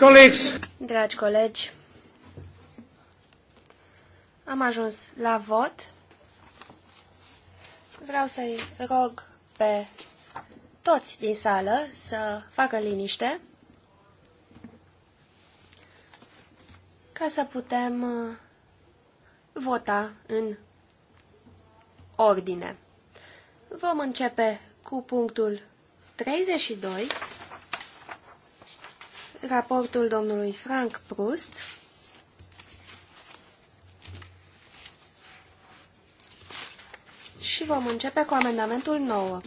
Colegi. Dragi colegi, am ajuns la vot. Vreau să-i rog pe toți din sală să facă liniște ca să putem uh, vota în ordine. Vom începe cu punctul 32 raportul domnului Frank Prust. Și vom începe cu amendamentul 9.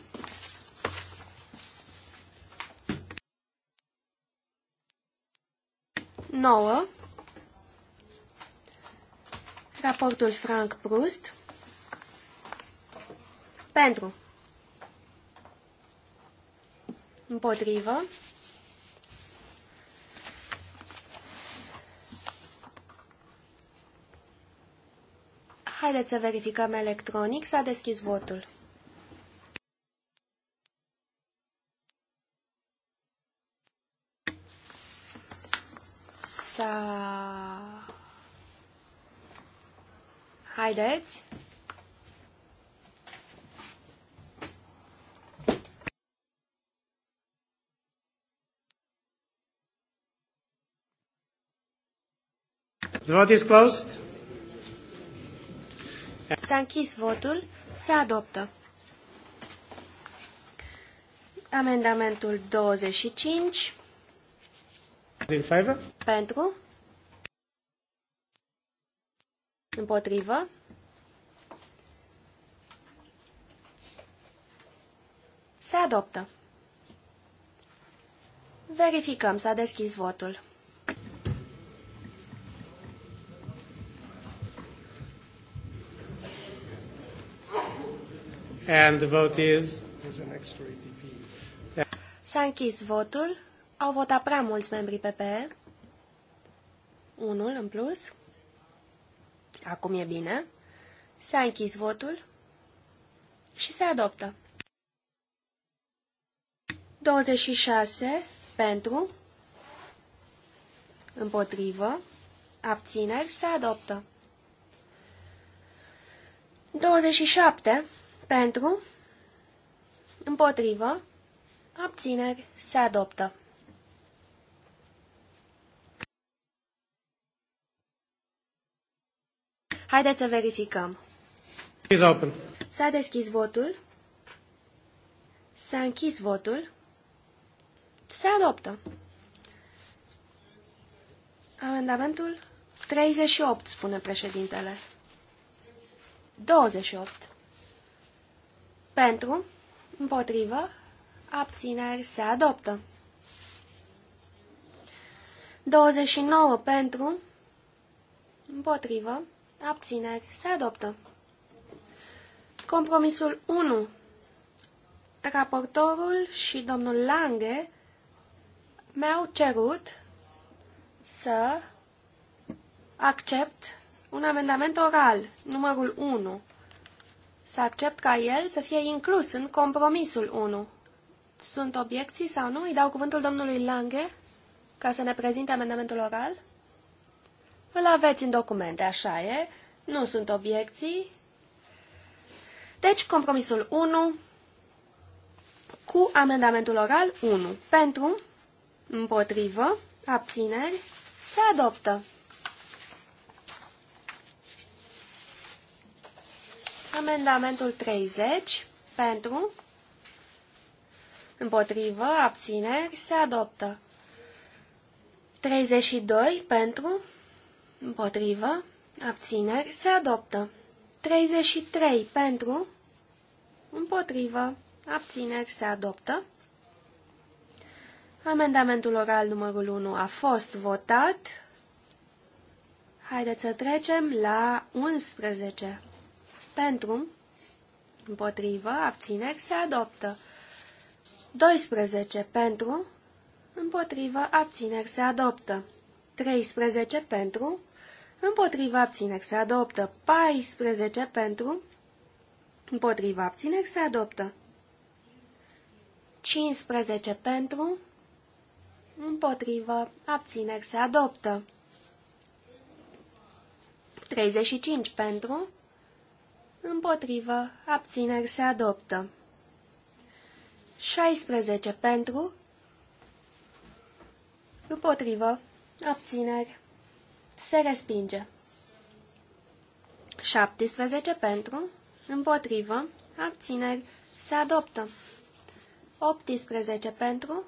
Nouă. Raportul Frank Prust. Pentru. Împotrivă. Haideți să verificăm electronic. S-a deschis votul. S-a... Haideți. The vote is closed. S-a închis votul. Se adoptă. Amendamentul 25. In favor? Pentru. Împotrivă. Se adoptă. Verificăm. S-a deschis votul. And the vote is... S-a închis votul. Au votat prea mulți membri PPE. Unul în plus. Acum e bine. S-a închis votul și se adoptă. 26 pentru, împotrivă, abțineri, se adoptă. 27 pentru, împotrivă, abțineri, se adoptă. Haideți să verificăm. S-a deschis votul. S-a închis votul. Se adoptă. Amendamentul 38, spune președintele. 28. Pentru, împotrivă, abțineri se adoptă. 29 pentru, împotrivă, abțineri se adoptă. Compromisul 1. Raportorul și domnul Lange mi-au cerut să accept un amendament oral, numărul 1, să accept ca el să fie inclus în compromisul 1. Sunt obiecții sau nu? Îi dau cuvântul domnului Lange ca să ne prezinte amendamentul oral? Îl aveți în documente, așa e. Nu sunt obiecții. Deci, compromisul 1 cu amendamentul oral 1. Pentru, împotrivă, abțineri, se adoptă. Amendamentul 30 pentru, împotrivă, abțineri, se adoptă. 32 pentru, împotrivă, abțineri, se adoptă. 33 pentru, împotrivă, abțineri, se adoptă. Amendamentul oral numărul 1 a fost votat. Haideți să trecem la 11. Pentru, împotrivă, abțineri, se adoptă. 12 pentru, împotrivă, abțineri, se adoptă. 13 pentru, împotrivă, abțineri, se adoptă. 14 pentru, împotrivă, abțineri, se adoptă. 15 pentru, împotrivă, abțineri, se adoptă. 35 pentru, împotrivă, abțineri se adoptă. 16 pentru, împotrivă, abțineri se respinge. 17 pentru, împotrivă, abțineri se adoptă. 18 pentru,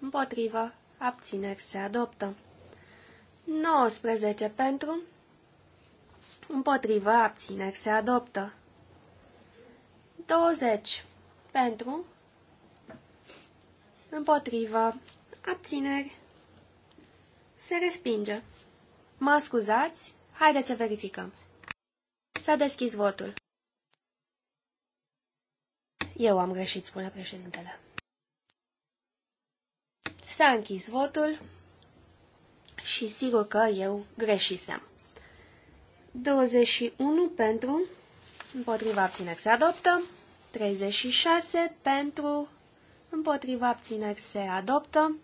împotrivă, abțineri se adoptă. 19 pentru, Împotrivă, abțineri, se adoptă. 20. Pentru. Împotrivă, abțineri, se respinge. Mă scuzați? Haideți să verificăm. S-a deschis votul. Eu am greșit, spune președintele. S-a închis votul și sigur că eu greșisem. 21 pentru, împotriva abțineri se adoptă, 36 pentru, împotriva abțineri se adoptă,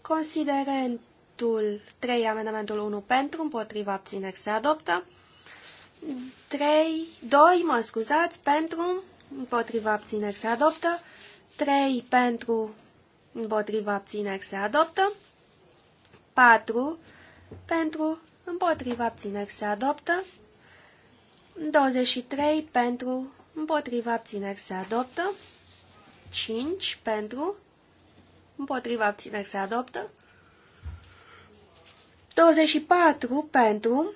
considerentul 3, amendamentul 1 pentru, împotriva abțineri se adoptă, 3, 2, mă scuzați, pentru, împotriva abțineri se adoptă, 3 pentru, împotriva abțineri se adoptă, 4 pentru, împotriva abțineri se adoptă, 23 pentru, împotriva abțineri se adoptă, 5 pentru, împotriva abțineri se adoptă, 24 pentru,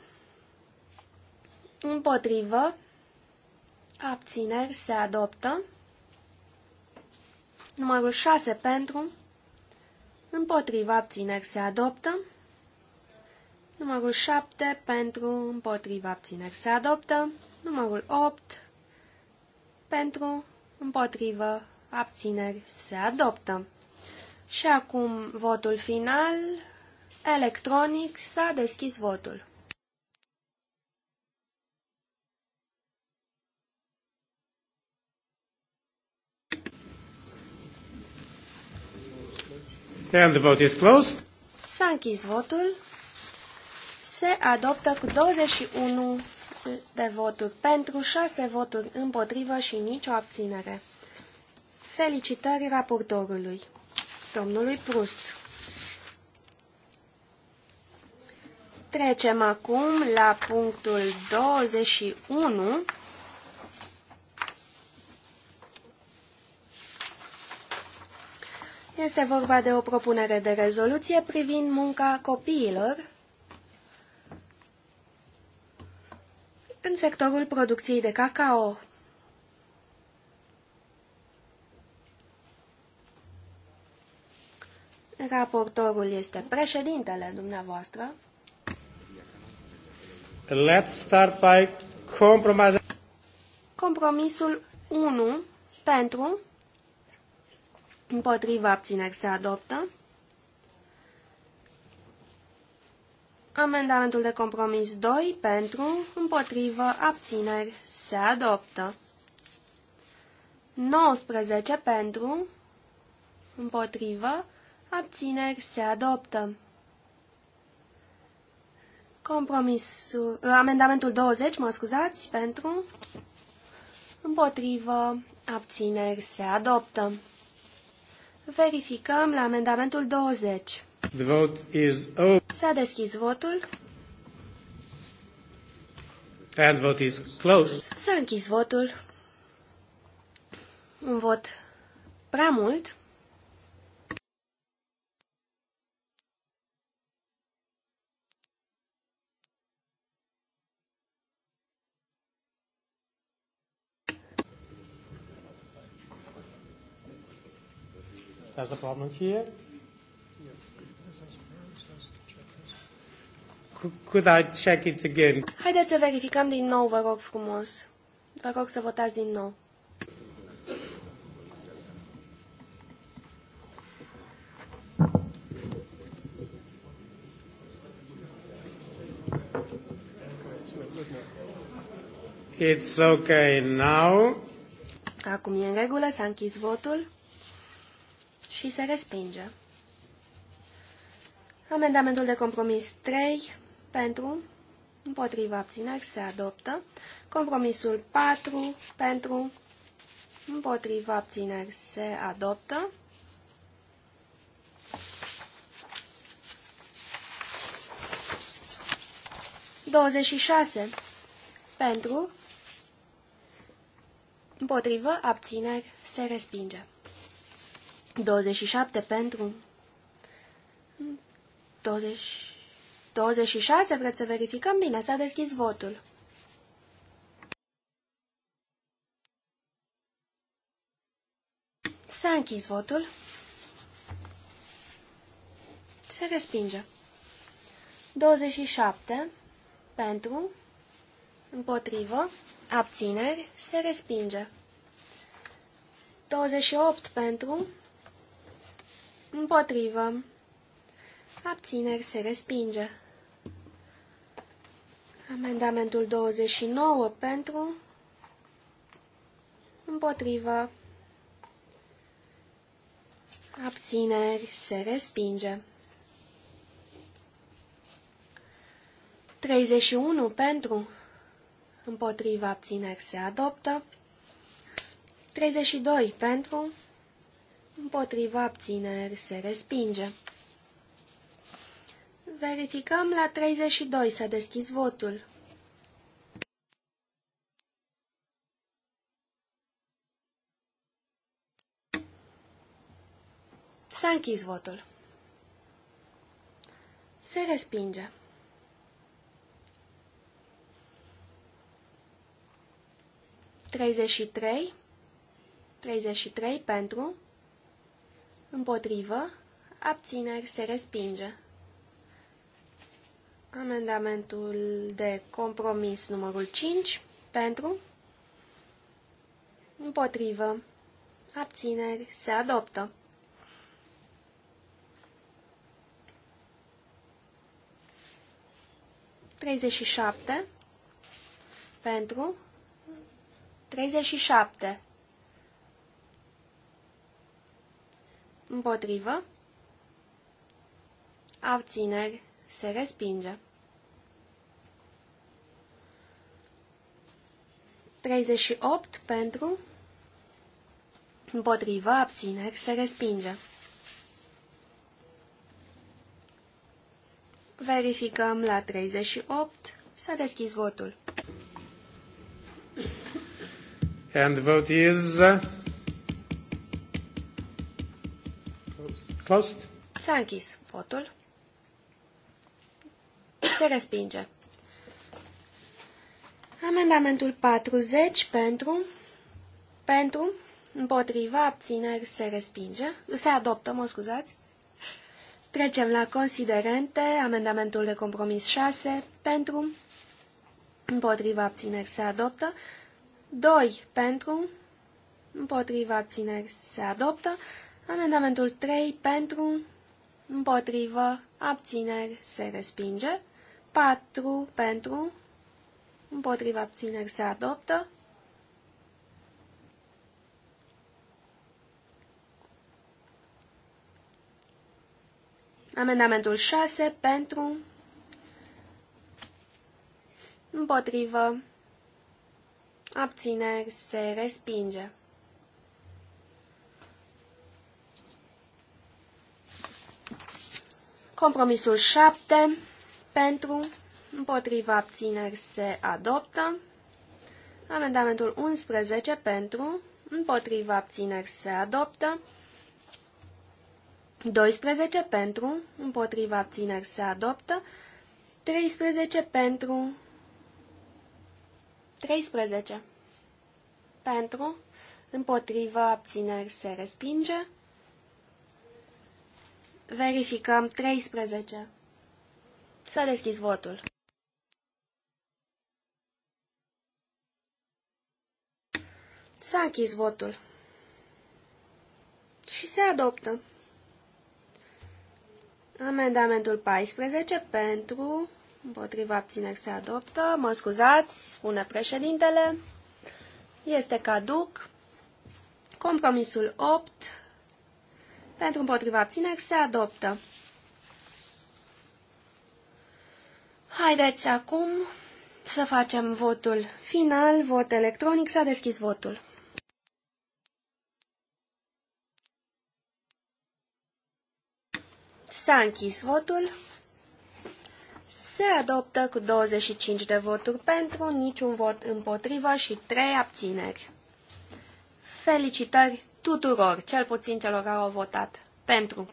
împotriva abțineri se adoptă, numărul 6 pentru, împotriva abțineri se adoptă, Numărul 7 pentru împotriva abțineri se adoptă. Numărul 8 pentru împotrivă abțineri se adoptă. Și acum votul final. Electronic s-a deschis votul. And the vote is closed. S-a închis votul se adoptă cu 21 de voturi pentru, 6 voturi împotrivă și nicio abținere. Felicitări raportorului, domnului Prust. Trecem acum la punctul 21. Este vorba de o propunere de rezoluție privind munca copiilor în sectorul producției de cacao. Raportorul este președintele dumneavoastră. Let's start by compromise. Compromisul 1 pentru împotriva abțineri se adoptă. Amendamentul de compromis 2 pentru, împotrivă, abțineri se adoptă. 19 pentru, împotrivă, abțineri se adoptă. Compromisul, uh, amendamentul 20, mă scuzați, pentru, împotrivă, abțineri se adoptă. Verificăm la amendamentul 20. The vote is open. S-a deschis votul. And vote is closed. S-a închis votul. Un vot prea mult. There's a problem here. Could I check it again? Haideți să verificăm din nou, vă rog frumos. Vă rog să votați din nou. It's okay now. Acum e în regulă, s-a închis votul și se respinge. Amendamentul de compromis 3 pentru, împotriva abțineri se adoptă. Compromisul 4 pentru, împotriva abțineri se adoptă. Douăzeci și șase pentru, împotrivă, abțineri, se respinge. 27 pentru, 20, 26, vreți să verificăm? Bine, s-a deschis votul. S-a închis votul. Se respinge. 27. Pentru. Împotrivă. Abțineri. Se respinge. 28. Pentru. Împotrivă. Abțineri. Se respinge. Amendamentul 29 pentru, împotrivă, abțineri, se respinge. 31 pentru, împotriva abțineri se adoptă. 32 pentru, împotriva abțineri se respinge. Verificăm la 32. S-a deschis votul. S-a închis votul. Se respinge. Treizeci și trei. 33 pentru, împotrivă, abțineri se respinge. Amendamentul de compromis numărul 5 pentru, împotrivă, abțineri, se adoptă. Treizeci și șapte pentru treizeci și șapte împotrivă abțineri se respinge. 38 pentru, împotriva abțineri, se respinge. Verificăm la 38. S-a deschis votul. And the vote is uh, closed. S-a închis votul. Se respinge. Amendamentul 40 pentru, pentru, împotriva, abțineri, se respinge, se adoptă, mă scuzați. Trecem la considerente, amendamentul de compromis 6 pentru, împotriva, abțineri, se adoptă, 2 pentru, împotriva, abțineri, se adoptă, amendamentul 3 pentru, împotriva, abțineri, se respinge. 4 pentru, împotriva abțineri se adoptă. Amendamentul 6 pentru, împotrivă, abțineri se respinge. Compromisul 7 pentru, împotriva abțineri se adoptă. Amendamentul 11 pentru, împotriva abțineri se adoptă. 12 pentru, împotriva abțineri se adoptă. 13 pentru, 13 pentru, împotriva abțineri se respinge. Verificăm 13. S-a deschis votul. S-a închis votul. Și se adoptă. Amendamentul 14 pentru, împotriva abțineri se adoptă, mă scuzați, spune președintele, este caduc, compromisul 8, pentru împotriva abțineri se adoptă. Haideți acum să facem votul final, vot electronic, s-a deschis votul. S-a închis votul. Se adoptă cu 25 de voturi pentru, niciun vot împotrivă și 3 abțineri. Felicitări tuturor, cel puțin celor care au votat pentru.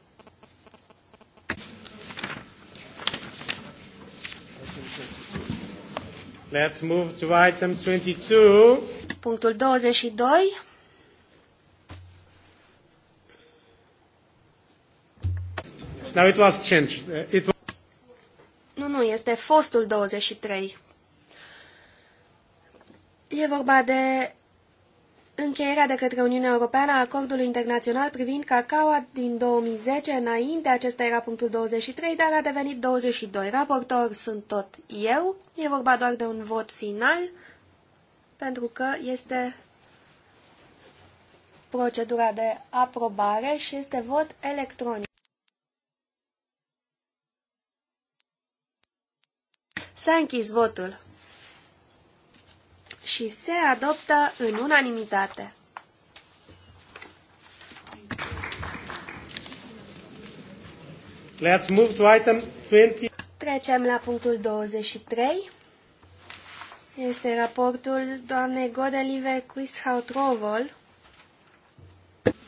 Let's move to item 22. Punctul 22. Now it was changed. Uh, it was... Nu, nu, este fostul 23. E vorba de încheierea de către Uniunea Europeană a acordului internațional privind cacao din 2010. Înainte, acesta era punctul 23, dar a devenit 22. Raportor sunt tot eu. E vorba doar de un vot final, pentru că este procedura de aprobare și este vot electronic. S-a închis votul și se adoptă în unanimitate. Let's move to item 20. Trecem la punctul 23. Este raportul doamnei Godelive Quisthaut-Rovol.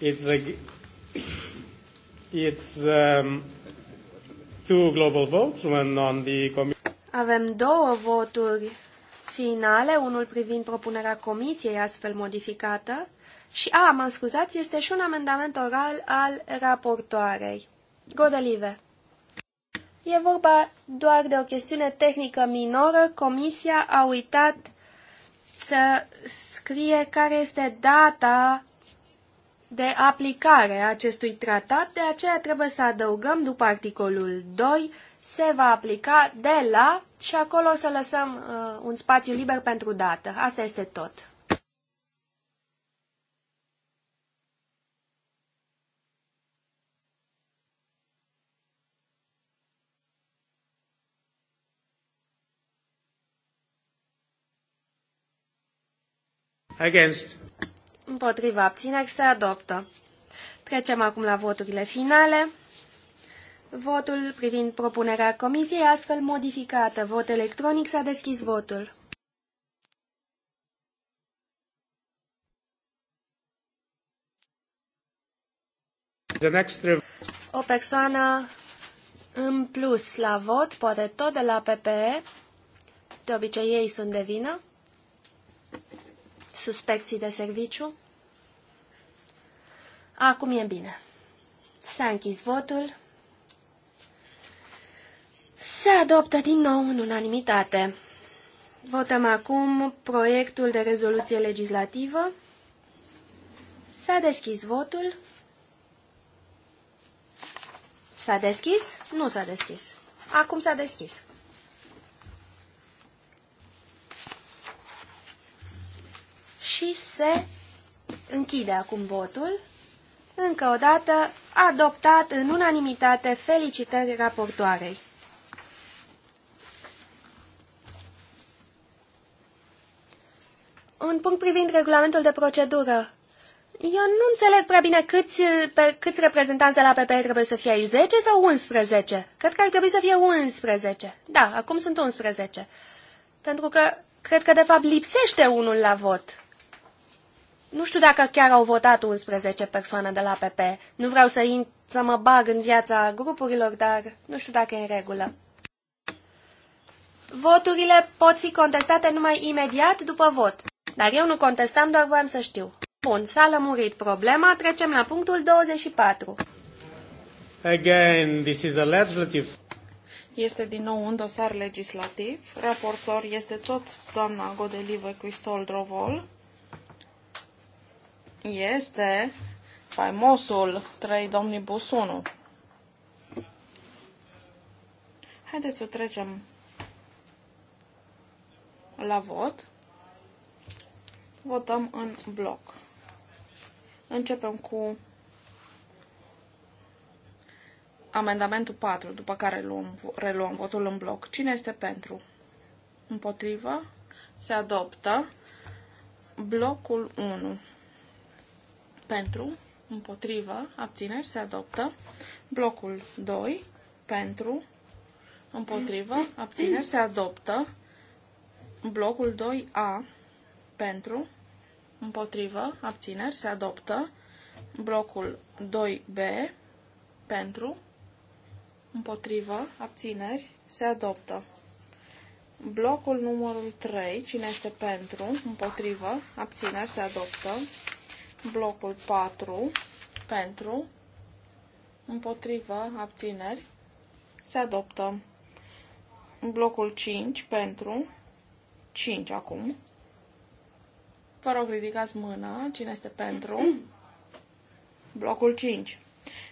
It's a, it's um, two global votes, one on the Avem două voturi finale, unul privind propunerea comisiei astfel modificată, și, a, mă scuzați, este și un amendament oral al raportoarei. Godelive. E vorba doar de o chestiune tehnică minoră. Comisia a uitat să scrie care este data de aplicare a acestui tratat, de aceea trebuie să adăugăm după articolul 2 se va aplica de la și acolo să lăsăm uh, un spațiu liber pentru dată. Asta este tot. Against împotriva abțineri se adoptă. Trecem acum la voturile finale. Votul privind propunerea comisiei astfel modificată. Vot electronic s-a deschis votul. O persoană în plus la vot, poate tot de la PPE, de obicei ei sunt de vină suspecții de serviciu? Acum e bine. S-a închis votul. Se adoptă din nou în unanimitate. Votăm acum proiectul de rezoluție legislativă. S-a deschis votul. S-a deschis? Nu s-a deschis. Acum s-a deschis. și se închide acum votul. Încă o dată, adoptat în unanimitate, felicitări raportoarei. Un punct privind regulamentul de procedură. Eu nu înțeleg prea bine câți, pe, câți reprezentanți de la PP trebuie să fie aici, 10 sau 11? Cred că ar trebui să fie 11. Da, acum sunt 11. Pentru că cred că de fapt lipsește unul la vot. Nu știu dacă chiar au votat 11 persoane de la PP. Nu vreau să, in, să mă bag în viața grupurilor, dar nu știu dacă e în regulă. Voturile pot fi contestate numai imediat după vot, dar eu nu contestam, doar voiam să știu. Bun, s-a lămurit problema, trecem la punctul 24. Again, this is a legislative... Este din nou un dosar legislativ. Raportor este tot doamna Godelivă Cristol Drovol este faimosul 3 Domnibus 1. Haideți să trecem la vot. Votăm în bloc. Începem cu amendamentul 4, după care luăm, reluăm votul în bloc. Cine este pentru? Împotrivă? Se adoptă blocul 1 pentru, împotrivă, abțineri, se adoptă. Blocul 2, pentru, împotrivă, abțineri, se adoptă. Blocul 2A, pentru, împotrivă, abțineri, se adoptă. Blocul 2B, pentru, împotrivă, abțineri, se adoptă. Blocul numărul 3, cine este pentru, împotrivă, abțineri, se adoptă blocul 4 pentru, împotrivă, abțineri, se adoptă. Blocul 5 pentru, 5 acum. Vă rog, ridicați mâna, cine este pentru? Blocul 5.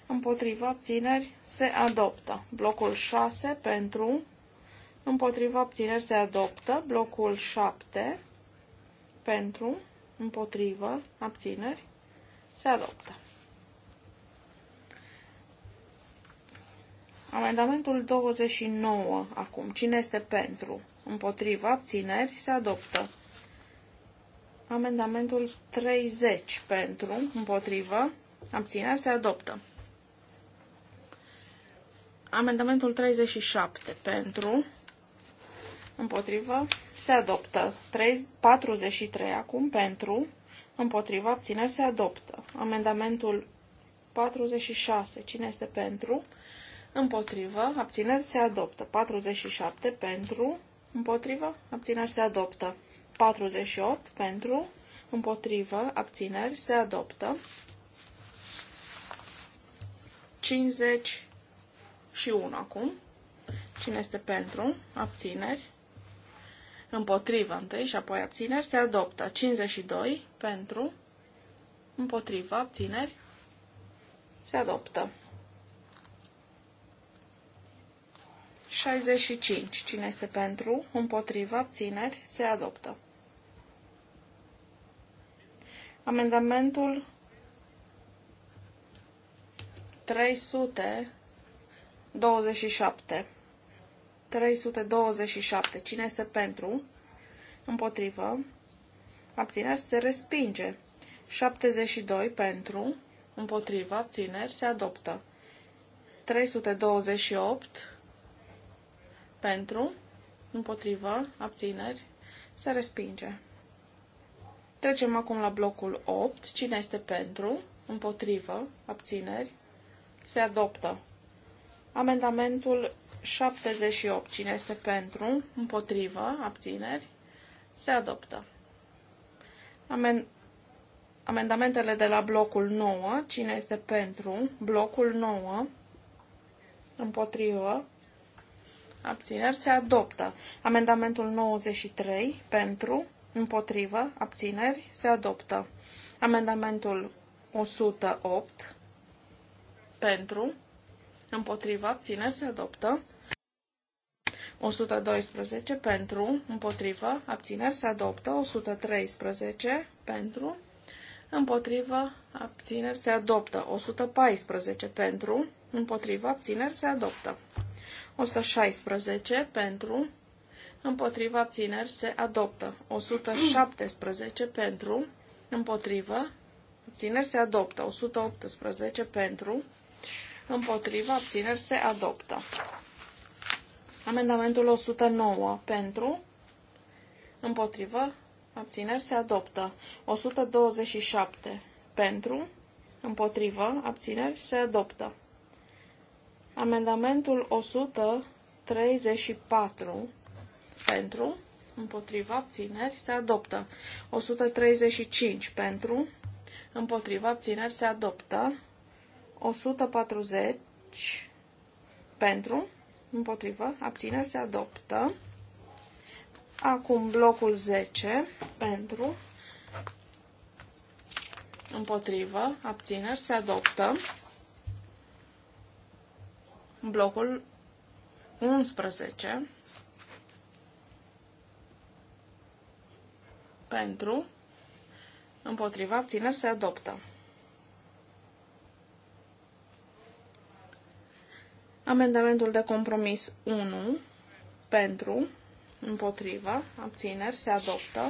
Împotrivă, abțineri se adoptă. Blocul 6 pentru. împotrivă, abțineri se adoptă. Blocul 7 pentru împotrivă, abțineri, se adoptă. Amendamentul 29 acum. Cine este pentru? Împotrivă, abțineri, se adoptă. Amendamentul 30 pentru, împotrivă, abțineri, se adoptă. Amendamentul 37 pentru, împotrivă, se adoptă. 3, 43 acum pentru, împotriva, abțineri, se adoptă. Amendamentul 46, cine este pentru, împotriva, abțineri, se adoptă. 47 pentru, împotriva, abțineri, se adoptă. 48 pentru, împotrivă, abțineri, se adoptă. 51 acum. Cine este pentru? Abțineri împotrivă întâi și apoi abțineri, se adoptă 52 pentru, împotrivă, abțineri, se adoptă. 65. Cine este pentru, împotrivă, abțineri, se adoptă. Amendamentul 327 327. Cine este pentru? Împotrivă. Abțineri se respinge. 72 pentru. Împotrivă. Abțineri se adoptă. 328 pentru. Împotrivă. Abțineri se respinge. Trecem acum la blocul 8. Cine este pentru? Împotrivă. Abțineri. Se adoptă. Amendamentul 78. Cine este pentru? Împotrivă? Abțineri? Se adoptă. Amen... Amendamentele de la blocul 9. Cine este pentru? Blocul 9. Împotrivă? Abțineri? Se adoptă. Amendamentul 93. Pentru? Împotrivă? Abțineri? Se adoptă. Amendamentul 108. Pentru? Împotrivă abțineri se adoptă. 112 pentru, împotrivă, abțineri se adoptă, 113 pentru, împotrivă, abțineri se adoptă, 114 pentru, împotrivă, abțineri se adoptă, 116 pentru, împotrivă, abțineri se adoptă, 117 pentru, împotrivă, abțineri se adoptă, 118 pentru, împotriva, abțineri, se adoptă. Amendamentul 109 pentru, împotrivă, abțineri, se adoptă. 127 pentru, împotrivă, abțineri, se adoptă. Amendamentul 134 pentru, împotriva, abțineri, se adoptă. 135 pentru, împotriva, abțineri, se adoptă. 140 pentru, împotrivă, abțineri se adoptă. Acum blocul 10 pentru, împotrivă, abțineri se adoptă. Blocul 11 pentru, împotrivă, abțineri se adoptă. Amendamentul de compromis 1 pentru, împotriva, abțineri, se adoptă.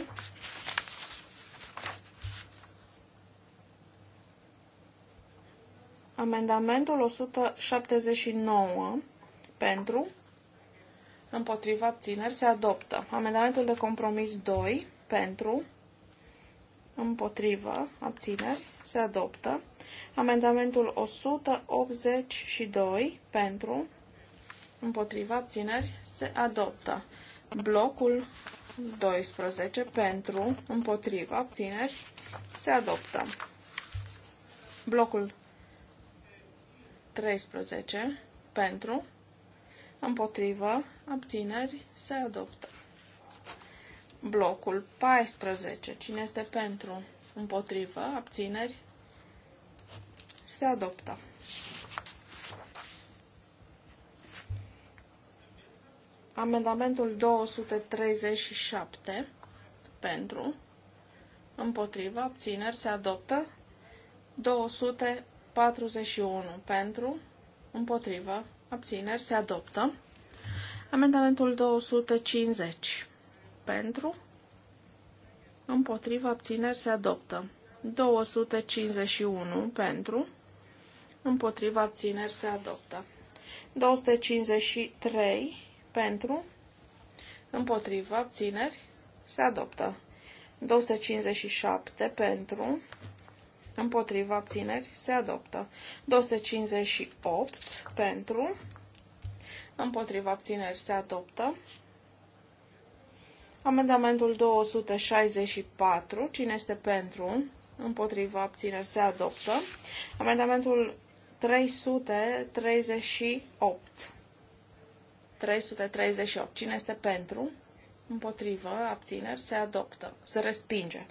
Amendamentul 179 pentru, împotriva, abțineri, se adoptă. Amendamentul de compromis 2 pentru, împotriva, abțineri, se adoptă. Amendamentul 182 pentru, împotriva abțineri, se adoptă. Blocul 12 pentru, împotriva abțineri, se adoptă. Blocul 13 pentru, împotriva abțineri, se adoptă. Blocul 14. Cine este pentru? împotriva Abțineri? se adoptă. Amendamentul 237 pentru, împotriva, abțineri, se adoptă. 241 pentru, împotriva, abțineri, se adoptă. Amendamentul 250 pentru, împotriva, abțineri, se adoptă. 251 pentru, împotriva abțineri se adoptă. 253 pentru, împotriva abțineri se adoptă. 257 pentru, împotriva abțineri se adoptă. 258 pentru, împotriva abțineri se adoptă. Amendamentul 264, cine este pentru, împotriva abțineri se adoptă. Amendamentul 338. 338. Cine este pentru? Împotrivă, abțineri, se adoptă, se respinge.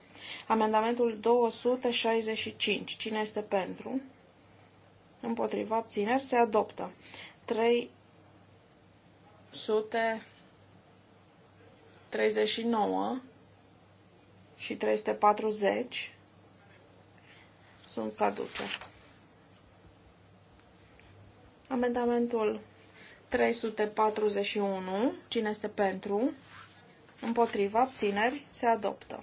Amendamentul 265. Cine este pentru? Împotrivă, abțineri, se adoptă. 339 și 340 sunt caduce. Amendamentul 341. Cine este pentru? Împotriva abțineri se adoptă.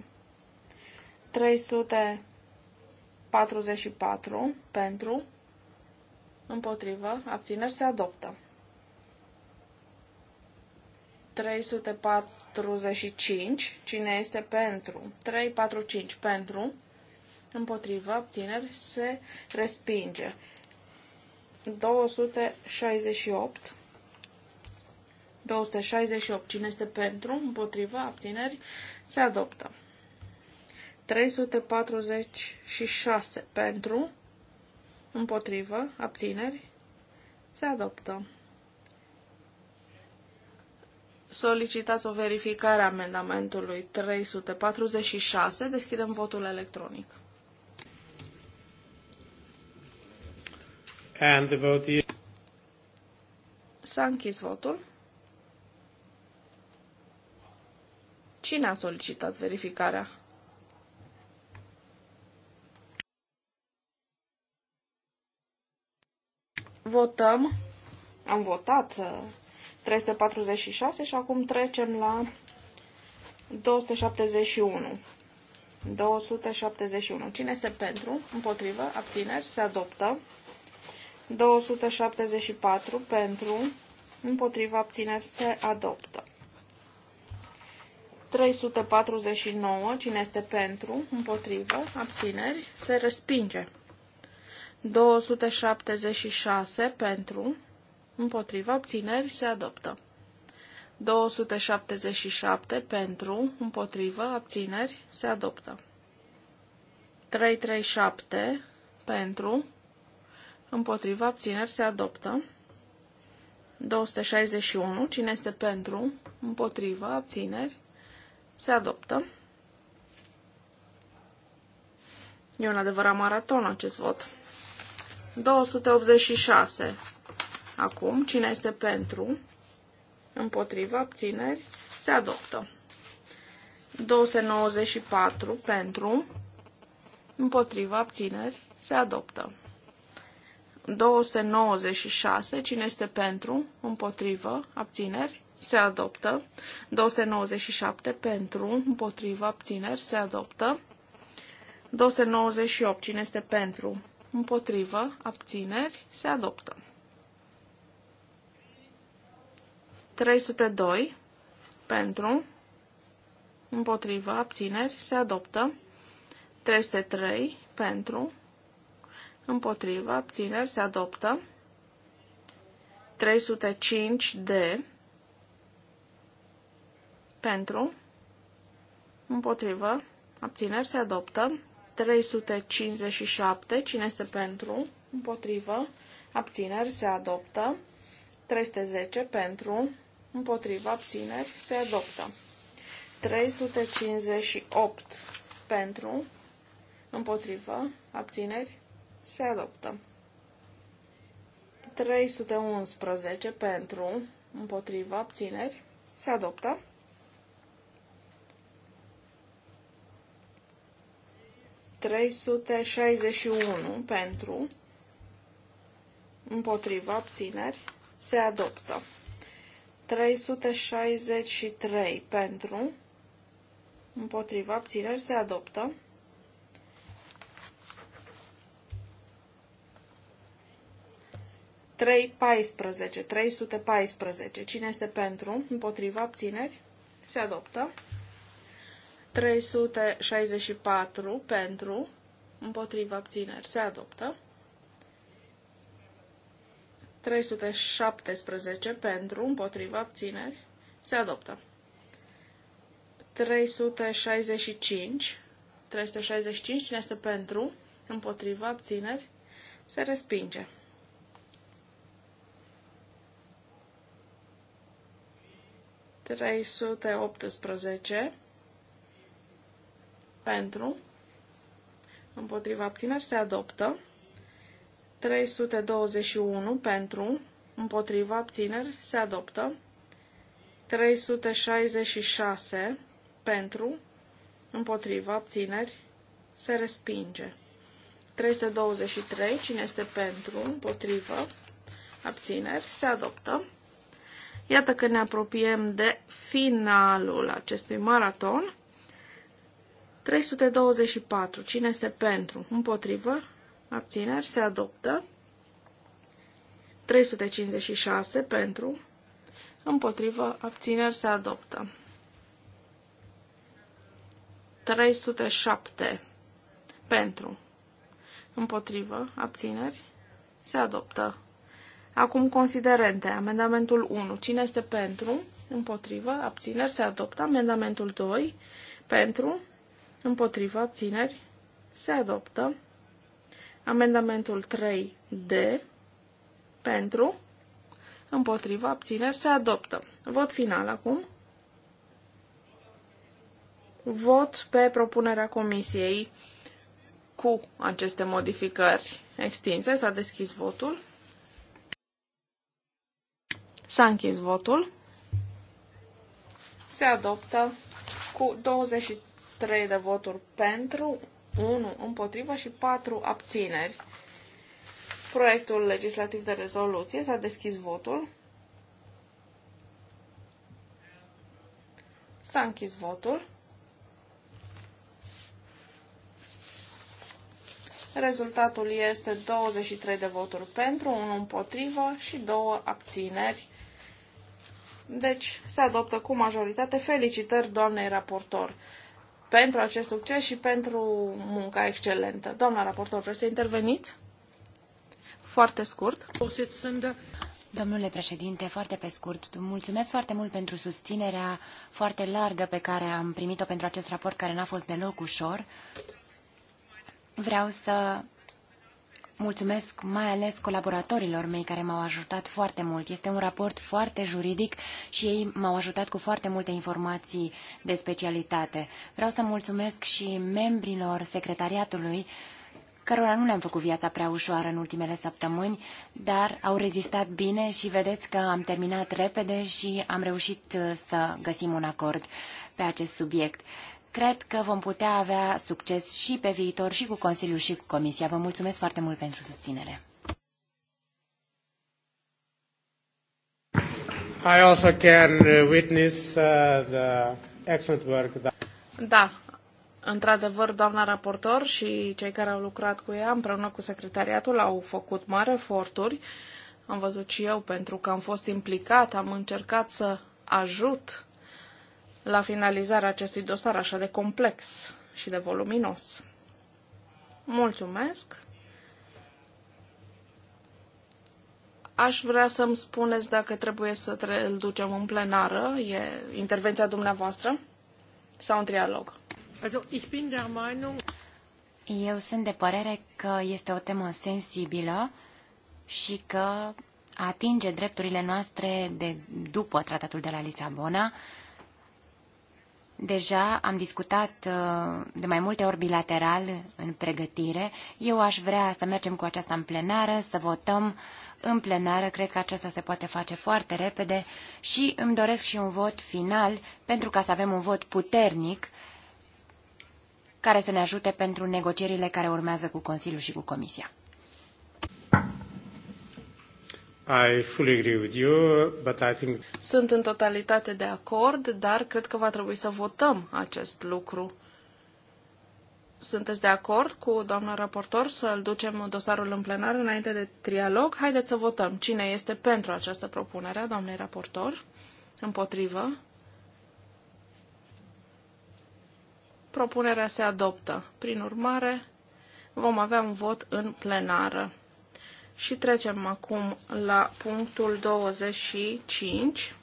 344 pentru. Împotrivă abțineri se adoptă. 345. Cine este pentru? 345 pentru. Împotrivă abțineri se respinge. 268. 268. Cine este pentru, împotriva, abțineri, se adoptă. 346. Pentru, împotrivă, abțineri, se adoptă. Solicitați o verificare a amendamentului 346. Deschidem votul electronic. And the vote is... S-a închis votul. Cine a solicitat verificarea? Votăm. Am votat 346 uh, și acum trecem la 271. 271. Cine este pentru? Împotrivă? Abțineri? Se adoptă. 274 pentru, împotriva abțineri se adoptă. 349, cine este pentru, împotrivă, abțineri, se respinge. 276 pentru, împotriva, abțineri, se adoptă. 277 pentru, împotrivă, abțineri, se adoptă. 337 pentru, împotriva, abțineri, se adoptă. 261, cine este pentru, împotriva, abțineri, se adoptă. E un adevărat maraton acest vot. 286. Acum, cine este pentru, împotriva, abțineri, se adoptă. 294 pentru, împotriva, abțineri, se adoptă. 296. Cine este pentru? Împotrivă? Abțineri? Se adoptă. 297. Pentru? Împotrivă? Abțineri? Se adoptă. 298. Cine este pentru? Împotrivă? Abțineri? Se adoptă. 302. Pentru? Împotrivă? Abțineri? Se adoptă. 303. Pentru? împotrivă, abțineri, se adoptă. 305D pentru, împotrivă, abțineri, se adoptă. 357, cine este pentru, împotrivă, abțineri, se adoptă. 310 pentru, împotrivă, abțineri, se adoptă. 358 pentru, împotrivă, abțineri, se adoptă. 311 pentru, împotriva, abțineri. Se adoptă. 361 pentru, împotriva, abțineri. Se adoptă. 363 pentru, împotriva, abțineri. Se adoptă. 314, 314. Cine este pentru? Împotriva abțineri? Se adoptă. 364 pentru, împotriva abțineri, se adoptă. 317 pentru, împotriva abțineri, se adoptă. 365, 365, cine este pentru, împotriva abțineri, se respinge. 318 pentru, împotriva abțineri se adoptă, 321 pentru, împotriva abțineri se adoptă, 366 pentru, împotriva abțineri se respinge. 323, cine este pentru, împotriva abțineri, se adoptă. Iată că ne apropiem de finalul acestui maraton. 324. Cine este pentru? Împotrivă? Abțineri? Se adoptă. 356 pentru, împotrivă, abțineri se adoptă. 307 pentru, împotrivă, abțineri se adoptă. Acum considerente. Amendamentul 1. Cine este pentru? Împotrivă. Abțineri. Se adoptă. Amendamentul 2. Pentru. Împotrivă. Abțineri. Se adoptă. Amendamentul 3D. Pentru. Împotrivă. Abțineri. Se adoptă. Vot final acum. Vot pe propunerea comisiei cu aceste modificări extinse. S-a deschis votul. S-a închis votul. Se adoptă cu 23 de voturi pentru, 1 împotrivă și 4 abțineri. Proiectul legislativ de rezoluție s-a deschis votul. S-a închis votul. Rezultatul este 23 de voturi pentru, 1 împotrivă și 2 abțineri. Deci se adoptă cu majoritate. Felicitări doamnei raportor pentru acest succes și pentru munca excelentă. Doamna raportor, vreți să interveniți? Foarte scurt. Domnule președinte, foarte pe scurt, mulțumesc foarte mult pentru susținerea foarte largă pe care am primit-o pentru acest raport, care n-a fost deloc ușor. Vreau să mulțumesc mai ales colaboratorilor mei care m-au ajutat foarte mult. Este un raport foarte juridic și ei m-au ajutat cu foarte multe informații de specialitate. Vreau să mulțumesc și membrilor secretariatului cărora nu le-am făcut viața prea ușoară în ultimele săptămâni, dar au rezistat bine și vedeți că am terminat repede și am reușit uh, să găsim un acord pe acest subiect. Cred că vom putea avea succes și pe viitor, și cu Consiliul, și cu Comisia. Vă mulțumesc foarte mult pentru susținere. I also can uh, witness uh, the excellent work that... Da, într-adevăr, doamna raportor și cei care au lucrat cu ea împreună cu secretariatul au făcut mari eforturi. Am văzut și eu pentru că am fost implicat, am încercat să ajut la finalizarea acestui dosar așa de complex și de voluminos. Mulțumesc! Aș vrea să-mi spuneți dacă trebuie să tre- îl ducem în plenară, e intervenția dumneavoastră, sau în trialog. Eu sunt de părere că este o temă sensibilă și că atinge drepturile noastre de după tratatul de la Lisabona, Deja am discutat uh, de mai multe ori bilateral în pregătire. Eu aș vrea să mergem cu aceasta în plenară, să votăm în plenară. Cred că aceasta se poate face foarte repede și îmi doresc și un vot final pentru ca să avem un vot puternic care să ne ajute pentru negocierile care urmează cu Consiliul și cu Comisia. I fully agree with you, but I think... Sunt în totalitate de acord, dar cred că va trebui să votăm acest lucru. Sunteți de acord cu doamna raportor să-l ducem dosarul în plenar înainte de trialog? Haideți să votăm. Cine este pentru această propunere a doamnei raportor? Împotrivă? Propunerea se adoptă. Prin urmare, vom avea un vot în plenară. Și trecem acum la punctul 25.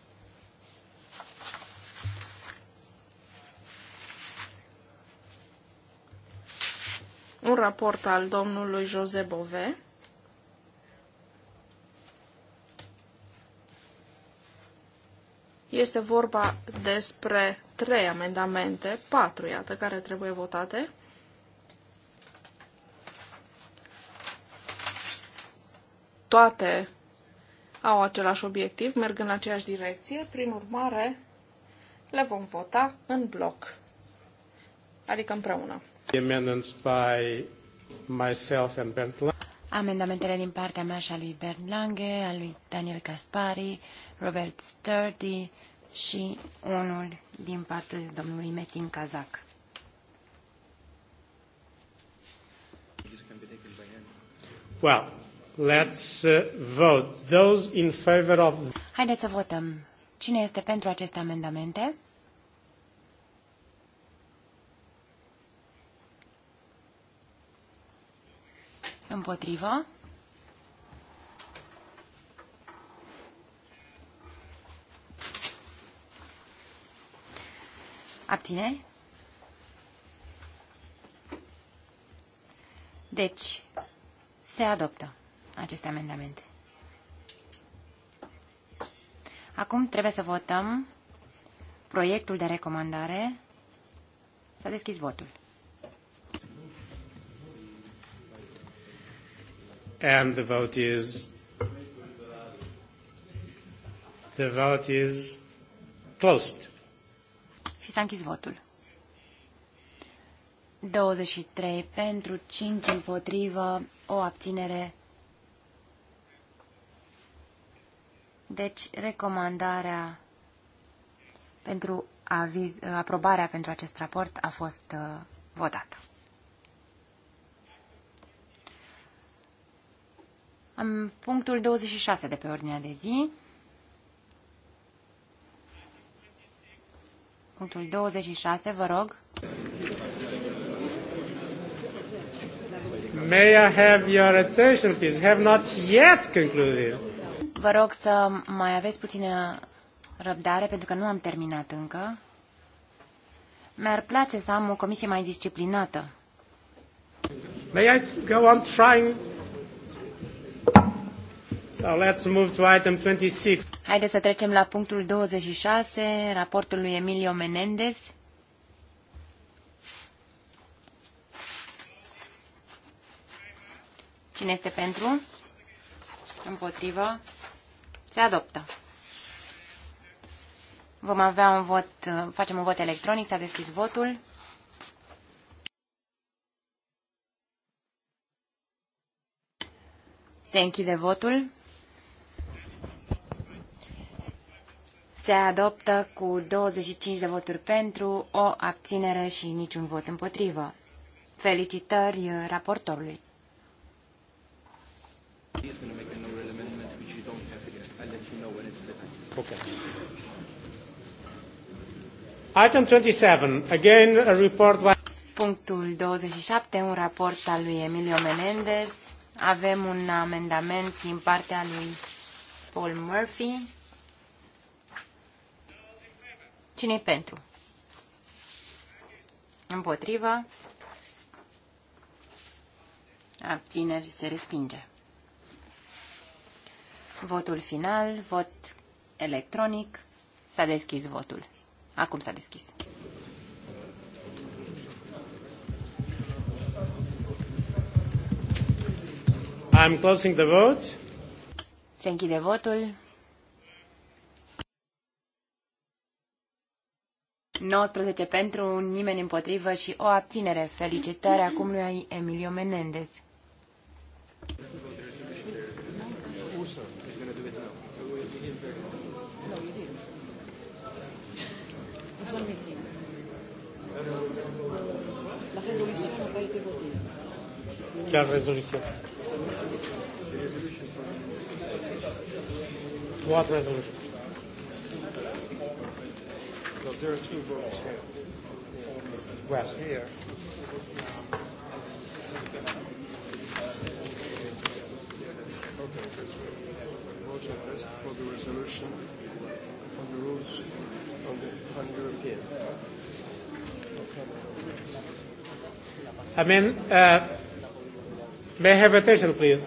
Un raport al domnului Jose Bove. Este vorba despre trei amendamente, patru, iată, care trebuie votate. toate au același obiectiv, merg în aceeași direcție, prin urmare le vom vota în bloc, adică împreună. Amendamentele din partea mea și a lui Bernd Lange, a lui Daniel Caspari, Robert Sturdy și unul din partea domnului Metin Kazak. Well, Let's uh, vote. Those in favor of... Haideți să votăm. Cine este pentru aceste amendamente? Împotrivă? Abțineri? Deci, se adoptă aceste amendamente. Acum trebuie să votăm proiectul de recomandare. S-a deschis votul. And the vote is The vote is closed. Și s-a închis votul. 23 pentru, 5 împotrivă, o abținere Deci, recomandarea pentru aviz, aprobarea pentru acest raport a fost uh, votată. Am punctul 26 de pe ordinea de zi. Punctul 26, vă rog. May I have your attention, please? Have not yet concluded. Vă rog să mai aveți puțină răbdare, pentru că nu am terminat încă. Mi-ar place să am o comisie mai disciplinată. May I go on trying? So let's move to item 26. Haideți să trecem la punctul 26, raportul lui Emilio Menendez. Cine este pentru? Împotrivă? Se adoptă. Vom avea un vot, facem un vot electronic, s-a deschis votul. Se închide votul. Se adoptă cu 25 de voturi pentru, o abținere și niciun vot împotrivă. Felicitări raportorului. Item 27. Again, a report by... Punctul 27, un raport al lui Emilio Menendez. Avem un amendament din partea lui Paul Murphy. cine pentru? Împotrivă. Abțineri se respinge. Votul final, vot electronic. S-a deschis votul. Acum s-a deschis. I'm closing the vote. Se închide votul. 19 pentru, nimeni împotrivă și o abținere. Felicitări acum lui Emilio Menendez. La résolution n'a pas été votée. Quelle résolution What resolution? Because there are two votes here. Here. Okay. Vote on this for the resolution on the rules on the pan-European. I mean, uh, may I have attention, please?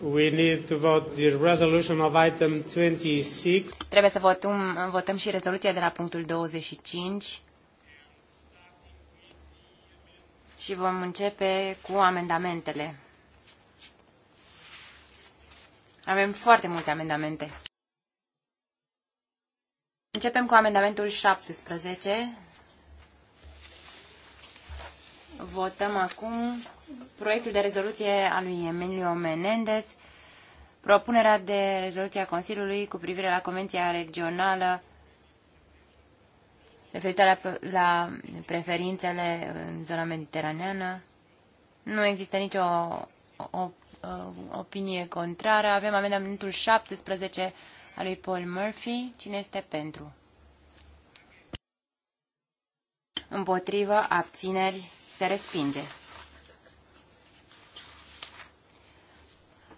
We need to vote the resolution of item 26. Trebuie să votăm, votăm și rezoluția de la punctul 25. Și vom începe cu amendamentele. Avem foarte multe amendamente. Începem cu amendamentul 17. Votăm acum proiectul de rezoluție al lui Emilio Menendez, propunerea de rezoluție a Consiliului cu privire la Convenția Regională referitoare la preferințele în zona mediteraneană. Nu există nicio opinie contrară. Avem amendamentul 17 a lui Paul Murphy. Cine este pentru? Împotrivă, abțineri, se respinge.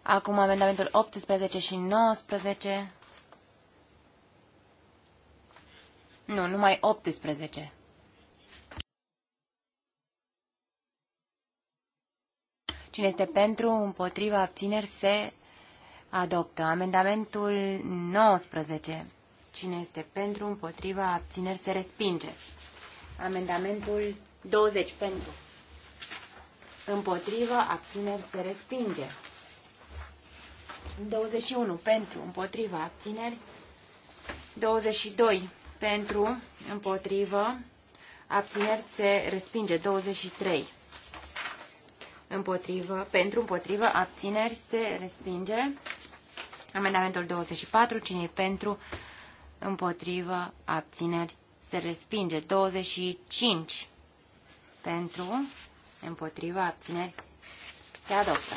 Acum amendamentul 18 și 19. Nu, numai 18. Cine este pentru, împotriva, abțineri, se adoptă. Amendamentul 19. Cine este pentru, împotriva, abțineri, se respinge. Amendamentul 20. Pentru. Împotriva, abțineri, se respinge. 21. Pentru, împotriva, abțineri. 22. Pentru, împotriva, abțineri, se respinge. 23. Împotrivă, pentru, împotrivă, abțineri, se respinge. Amendamentul 24, cine pentru, împotrivă, abțineri, se respinge. 25 pentru, împotrivă, abțineri, se adoptă.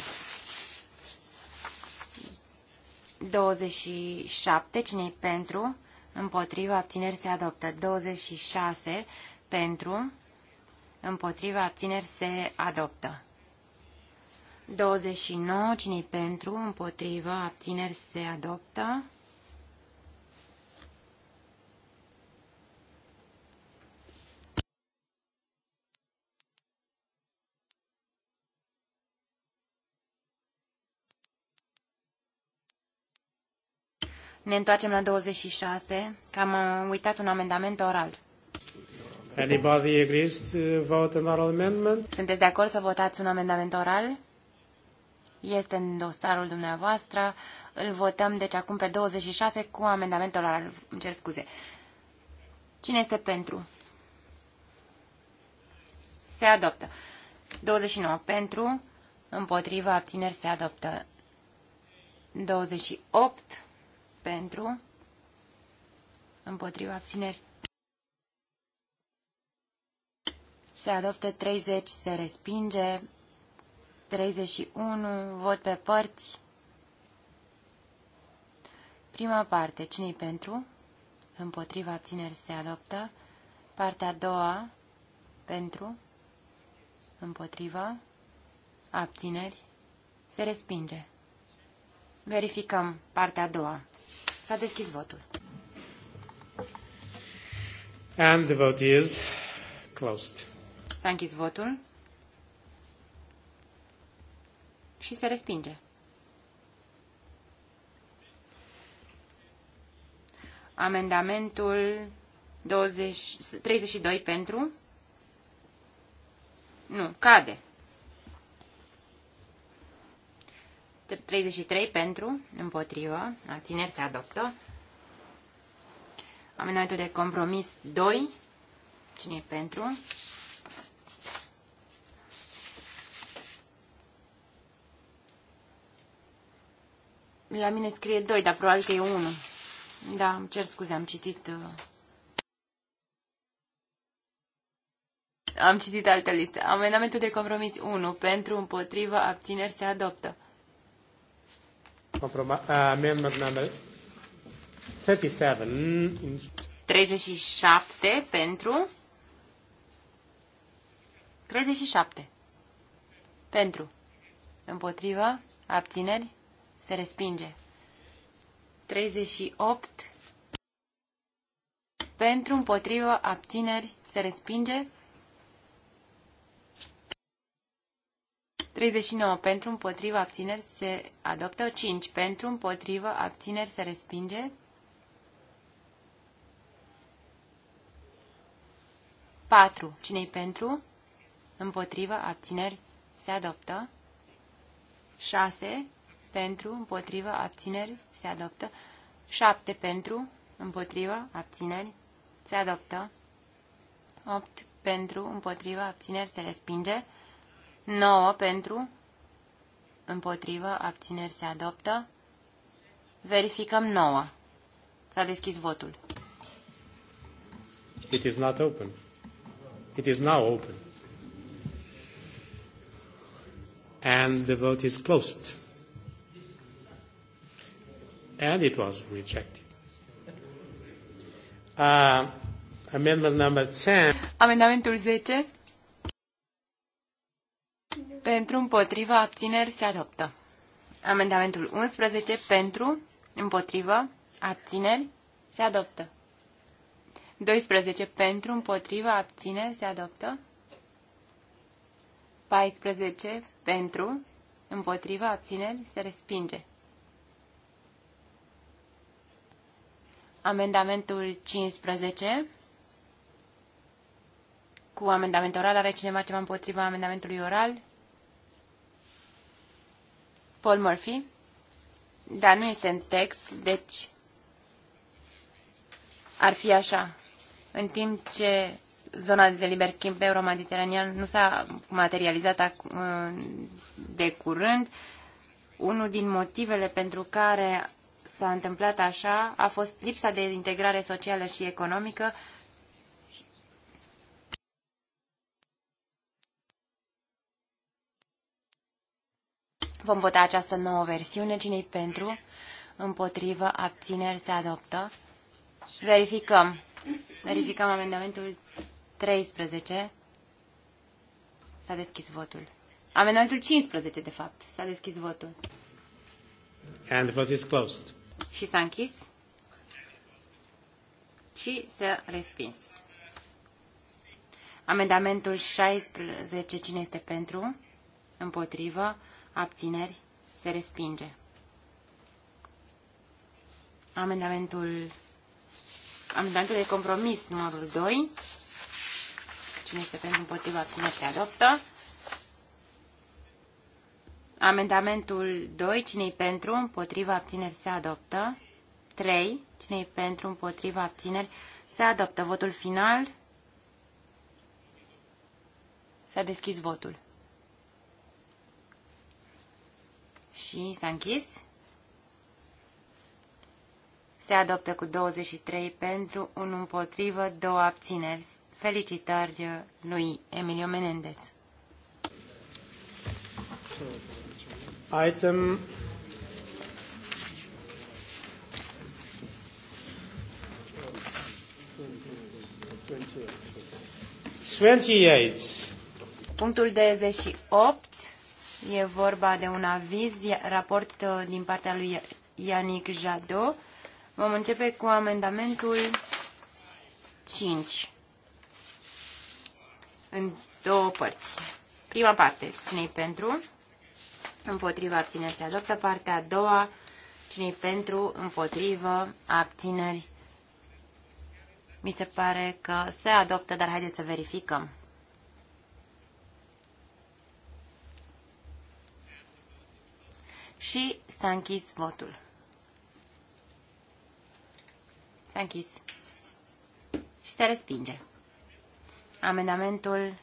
27, cine pentru, împotrivă, abțineri, se adoptă. 26 pentru, împotrivă, abțineri, se adoptă. 29, cine pentru, împotrivă, abțineri se adoptă. Ne întoarcem la 26, că am uh, uitat un amendament oral. Anybody agrees to uh, vote an oral amendment? Sunteți de acord să votați un amendament oral? este în dosarul dumneavoastră, îl votăm deci acum pe 26 cu amendamentul la... îmi cer scuze. Cine este pentru? Se adoptă. 29 pentru, împotriva, abțineri se adoptă. 28 pentru, împotriva, abțineri. Se adoptă 30, se respinge, 31, vot pe părți. Prima parte, cine pentru? Împotriva abțineri se adoptă. Partea a doua, pentru, împotriva, abțineri, se respinge. Verificăm partea a doua. S-a deschis votul. And the vote is closed. S-a închis votul. și se respinge. Amendamentul 20, 32 pentru? Nu, cade. 33 pentru, împotrivă, abțineri se adoptă. Amendamentul de compromis 2, cine e pentru? La mine scrie 2, dar probabil că e 1. Da, îmi cer scuze, am citit... Uh, am citit altă listă. Amendamentul de compromis 1. Pentru, împotrivă, abțineri se adoptă. Comproma- amendment number 37. 37 pentru 37 pentru împotrivă abțineri se respinge. 38. Pentru, împotrivă, abțineri. Se respinge. 39. Pentru, împotrivă, abțineri. Se adoptă. 5. Pentru, împotrivă, abțineri. Se respinge. 4. Cine-i pentru? Împotrivă, abțineri, se adoptă. 6 pentru, împotrivă, abțineri, se adoptă. 7 pentru, împotrivă, abțineri, se adoptă. 8 pentru, împotrivă, abțineri, se respinge. 9 pentru, împotrivă, abțineri, se adoptă. Verificăm 9. S-a deschis votul. It is not open. It is now open. And the vote is closed and it was rejected. Uh, amendment number 10. Amendamentul 10. Pentru, împotriva, abțineri se adoptă. Amendamentul 11. Pentru, împotriva, abțineri se adoptă. 12. Pentru, împotriva, abțineri se adoptă. 14. Pentru, împotriva, abțineri se respinge. Amendamentul 15. Cu amendament oral. Are cineva ceva împotriva amendamentului oral? Paul Murphy. Da, nu este în text, deci ar fi așa. În timp ce zona de liber schimb euromediteranean nu s-a materializat de curând, unul din motivele pentru care s-a întâmplat așa a fost lipsa de integrare socială și economică Vom vota această nouă versiune. Cine-i pentru? Împotrivă? Abțineri? Se adoptă? Verificăm. Verificăm amendamentul 13. S-a deschis votul. Amendamentul 15, de fapt. S-a deschis votul. And the vote is closed și s-a închis și s-a respins. Amendamentul 16, cine este pentru? Împotrivă, abțineri, se respinge. Amendamentul, amendamentul de compromis numărul 2, cine este pentru împotrivă, abțineri, se adoptă. Amendamentul 2, cine-i pentru, împotriva, abțineri, se adoptă. 3, cine-i pentru, împotriva, abțineri, se adoptă. Votul final. S-a deschis votul. Și s-a închis. Se adoptă cu 23 pentru, 1 împotrivă, 2 abțineri. Felicitări lui Emilio Menendez. Thank you. Item Punctul 28 e vorba de un aviz, raport uh, din partea lui Yannick Jadot. Vom începe cu amendamentul 5 în două părți. Prima parte, cine pentru? împotriva abțineri se adoptă. Partea a doua, cine pentru, împotrivă, abțineri. Mi se pare că se adoptă, dar haideți să verificăm. Și s-a închis votul. S-a închis. Și se respinge. Amendamentul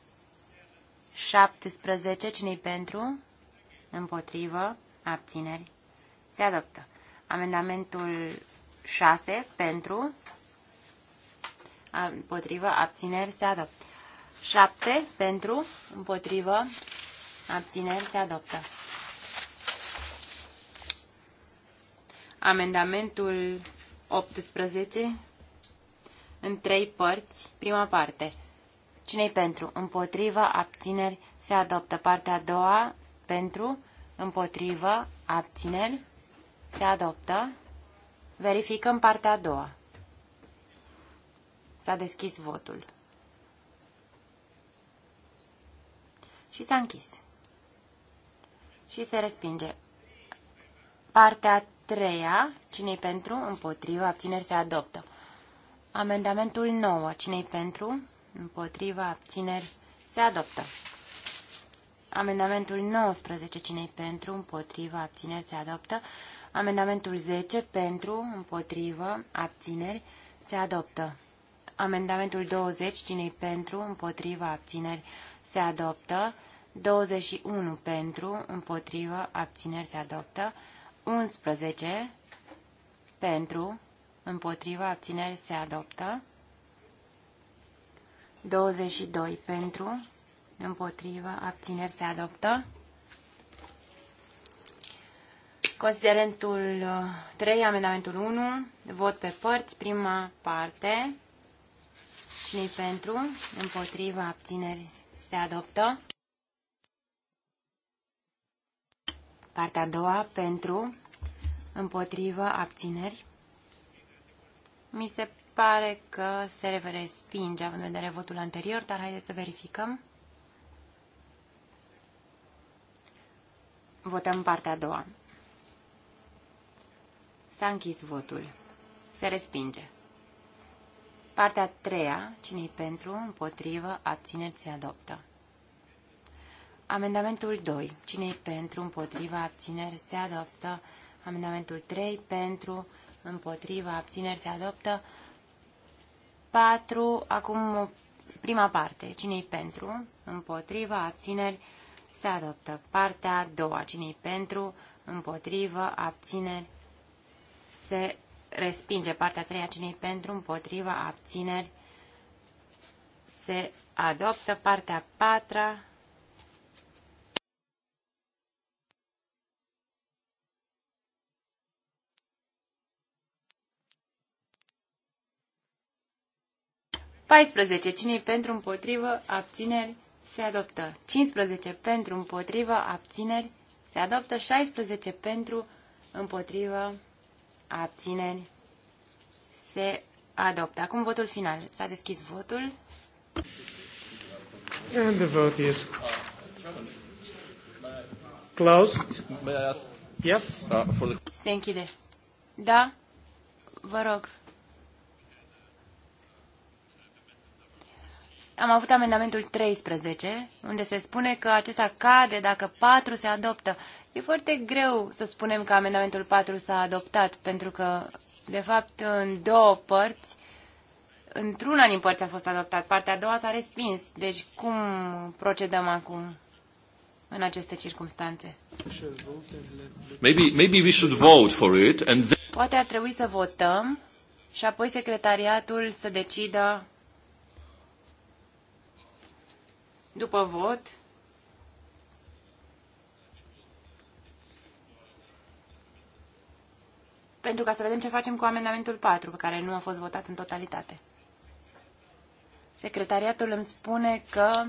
17. Cine-i pentru? împotrivă, abțineri, se adoptă. Amendamentul 6 pentru, împotrivă, abțineri, se adoptă. 7 pentru, împotrivă, abțineri, se adoptă. Amendamentul 18 în trei părți. Prima parte. Cine-i pentru? Împotrivă, abțineri, se adoptă. Partea a doua, pentru, împotrivă, abțineri, se adoptă. Verificăm partea a doua. S-a deschis votul. Și s-a închis. Și se respinge. Partea a treia, cine pentru, împotrivă, abțineri, se adoptă. Amendamentul 9, cine pentru, împotrivă, abțineri, se adoptă. Amendamentul 19, cine pentru, împotrivă, abțineri, se adoptă. Amendamentul 10, pentru, împotrivă, abțineri, se adoptă. Amendamentul 20, cine pentru, împotrivă, abțineri, se adoptă. 21 pentru, împotrivă, abțineri, se adoptă. 11 pentru, împotrivă, abțineri, se adoptă. 22 pentru, Împotrivă. Abțineri se adoptă. Considerentul 3, uh, amendamentul 1, vot pe părți, prima parte. Cine-i pentru? Împotriva abțineri se adoptă. Partea a doua, pentru, împotrivă, abțineri. Mi se pare că se respinge, având în vedere votul anterior, dar haideți să verificăm. Votăm partea a doua. S-a închis votul. Se respinge. Partea a treia, cine pentru, împotrivă, abțineri, se adoptă. Amendamentul 2. cine pentru, împotrivă, abțineri, se adoptă. Amendamentul 3. Pentru, împotrivă, abțineri, se adoptă. 4. Acum prima parte. cine pentru, împotrivă, abțineri, se se adoptă. Partea a doua. cine pentru? Împotrivă. Abțineri. Se respinge. Partea a treia. cine pentru? Împotrivă. Abțineri. Se adoptă. Partea a patra. Paisprezece. cine pentru? Împotrivă. Abțineri se adoptă. 15 pentru, împotrivă, abțineri, se adoptă. 16 pentru, împotrivă, abțineri, se adoptă. Acum votul final. S-a deschis votul. And the vote is closed. Yes. Uh, se închide. Da? Vă rog. Am avut amendamentul 13, unde se spune că acesta cade dacă 4 se adoptă. E foarte greu să spunem că amendamentul 4 s-a adoptat, pentru că, de fapt, în două părți, într-una din părți a fost adoptat, partea a doua s-a respins. Deci cum procedăm acum în aceste circunstanțe? Maybe, maybe we should vote for it and then... Poate ar trebui să votăm și apoi secretariatul să decidă După vot, pentru ca să vedem ce facem cu amendamentul 4, pe care nu a fost votat în totalitate. Secretariatul îmi spune că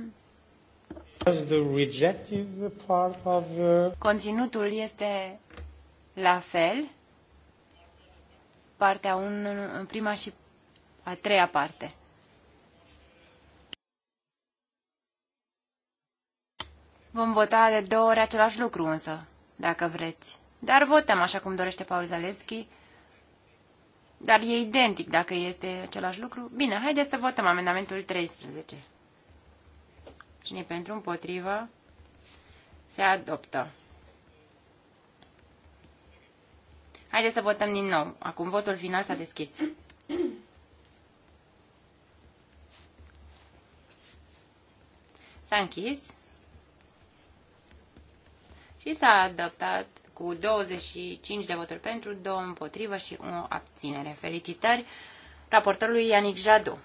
uh, conținutul este la fel, partea 1, prima și a treia parte. Vom vota de două ori același lucru însă, dacă vreți. Dar votăm așa cum dorește Paul Zalewski. Dar e identic dacă este același lucru. Bine, haideți să votăm amendamentul 13. Cine pentru împotrivă se adoptă. Haideți să votăm din nou. Acum votul final s-a deschis. S-a închis și s-a adoptat cu 25 de voturi pentru, 2 împotrivă și 1 abținere. Felicitări raportorului Ianic Jadu.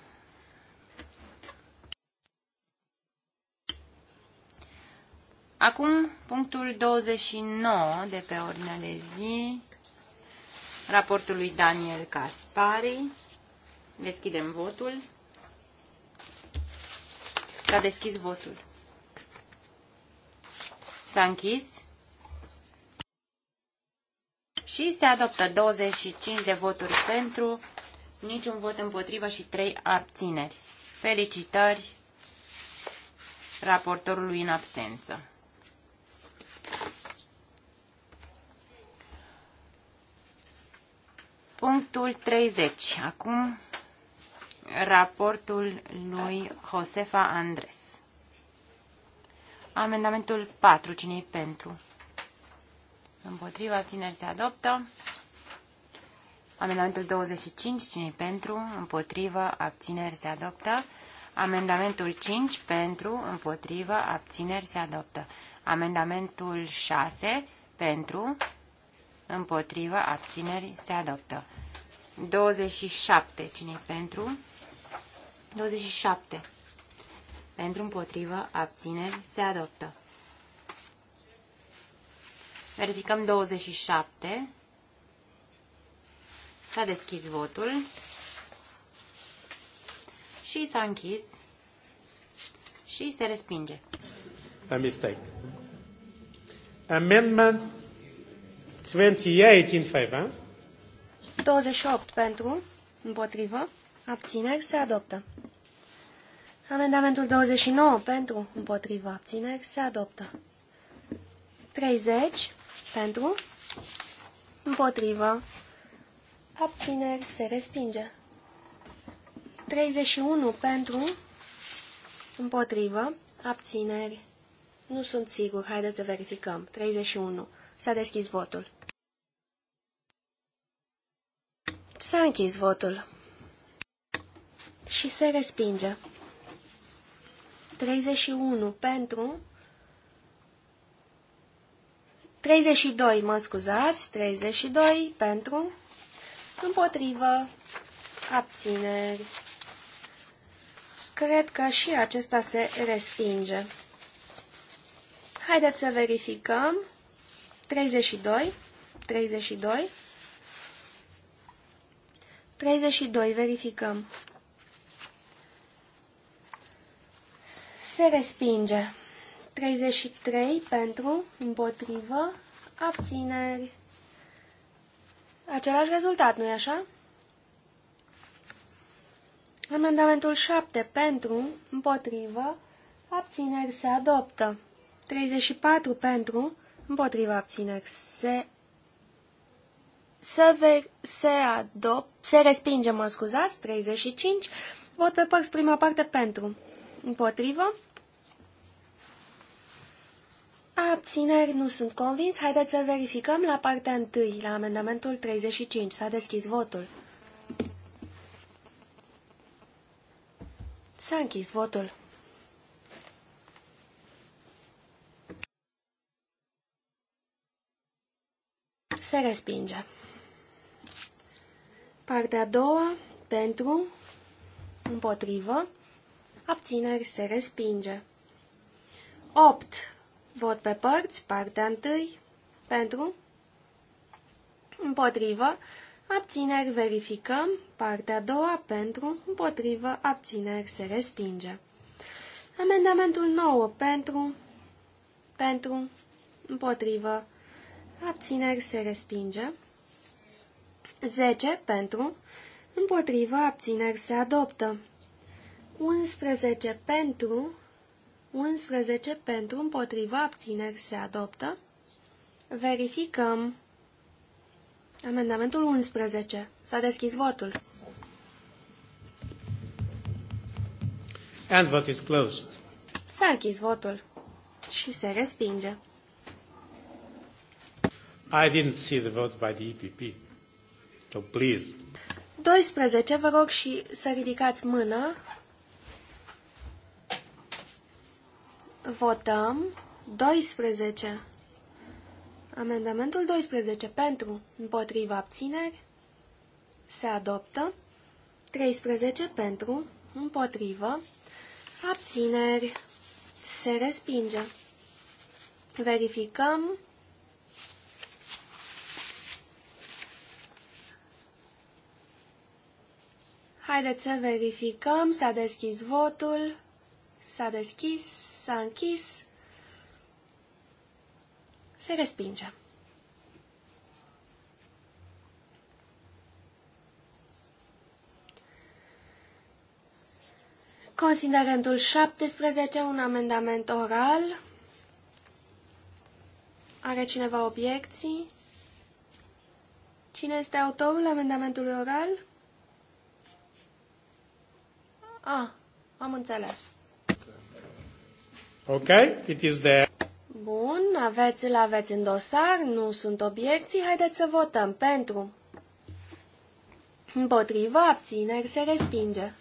Acum, punctul 29 de pe ordinea de zi, raportul lui Daniel Caspari. Deschidem votul. S-a deschis votul. S-a închis și se adoptă 25 de voturi pentru, niciun vot împotrivă și 3 abțineri. Felicitări raportorului în absență. Punctul 30. Acum raportul lui Josefa Andres. Amendamentul 4. Cine-i pentru? Împotriva țineri se adoptă. Amendamentul 25, cine pentru? Împotrivă, abțineri se adoptă. Amendamentul 5, pentru, împotrivă, abțineri se adoptă. Amendamentul 6, pentru, împotrivă, abțineri se adoptă. 27, cine pentru? 27. Pentru, împotrivă, abțineri se adoptă. Verificăm 27. S-a deschis votul și s-a închis și se respinge. A mistake. Amendment 28 in favor. 28 pentru, împotrivă, abțineri, se adoptă. Amendamentul 29 pentru, împotrivă, abțineri, se adoptă. 30 pentru, împotrivă, abțineri, se respinge. 31 pentru, împotrivă, abțineri, nu sunt sigur, haideți să verificăm. 31. S-a deschis votul. S-a închis votul. Și se respinge. 31 pentru, 32, mă scuzați, 32 pentru, împotrivă, abțineri. Cred că și acesta se respinge. Haideți să verificăm. 32, 32, 32, verificăm. Se respinge. 33 pentru, împotrivă, abțineri. Același rezultat, nu-i așa? Amendamentul 7 pentru, împotrivă, abțineri se adoptă. 34 pentru, împotrivă abțineri se se, ver, se adop, se respinge, mă scuzați, 35, vot pe părți prima parte pentru, împotrivă, Abțineri nu sunt convins. Haideți să verificăm la partea 1, la amendamentul 35. S-a deschis votul. S-a închis votul. Se respinge. Partea a doua, pentru, împotrivă, abțineri se respinge. 8 Vot pe părți, partea întâi, pentru, împotrivă, abțineri verificăm, partea a doua, pentru, împotrivă, abțineri se respinge. Amendamentul 9, pentru, pentru, împotrivă, abțineri se respinge. 10, pentru, împotrivă, abțineri se adoptă. 11 pentru, 11 pentru împotriva abțineri se adoptă. Verificăm. Amendamentul 11. S-a deschis votul. And vote is closed. S-a închis votul și se respinge. I didn't see the vote by the EPP. So please. 12. Vă rog și să ridicați mâna. Votăm 12. Amendamentul 12 pentru, împotriva abțineri, se adoptă. 13 pentru, împotrivă, abțineri, se respinge. Verificăm. Haideți să verificăm, s-a deschis votul. S-a deschis, s-a închis. Se respinge. Considerentul 17, un amendament oral. Are cineva obiecții? Cine este autorul amendamentului oral? A, ah, am înțeles. Ok? it is there. Bun, aveți, îl aveți în dosar, nu sunt obiecții, haideți să votăm pentru. Împotriva, abțineri, se respinge.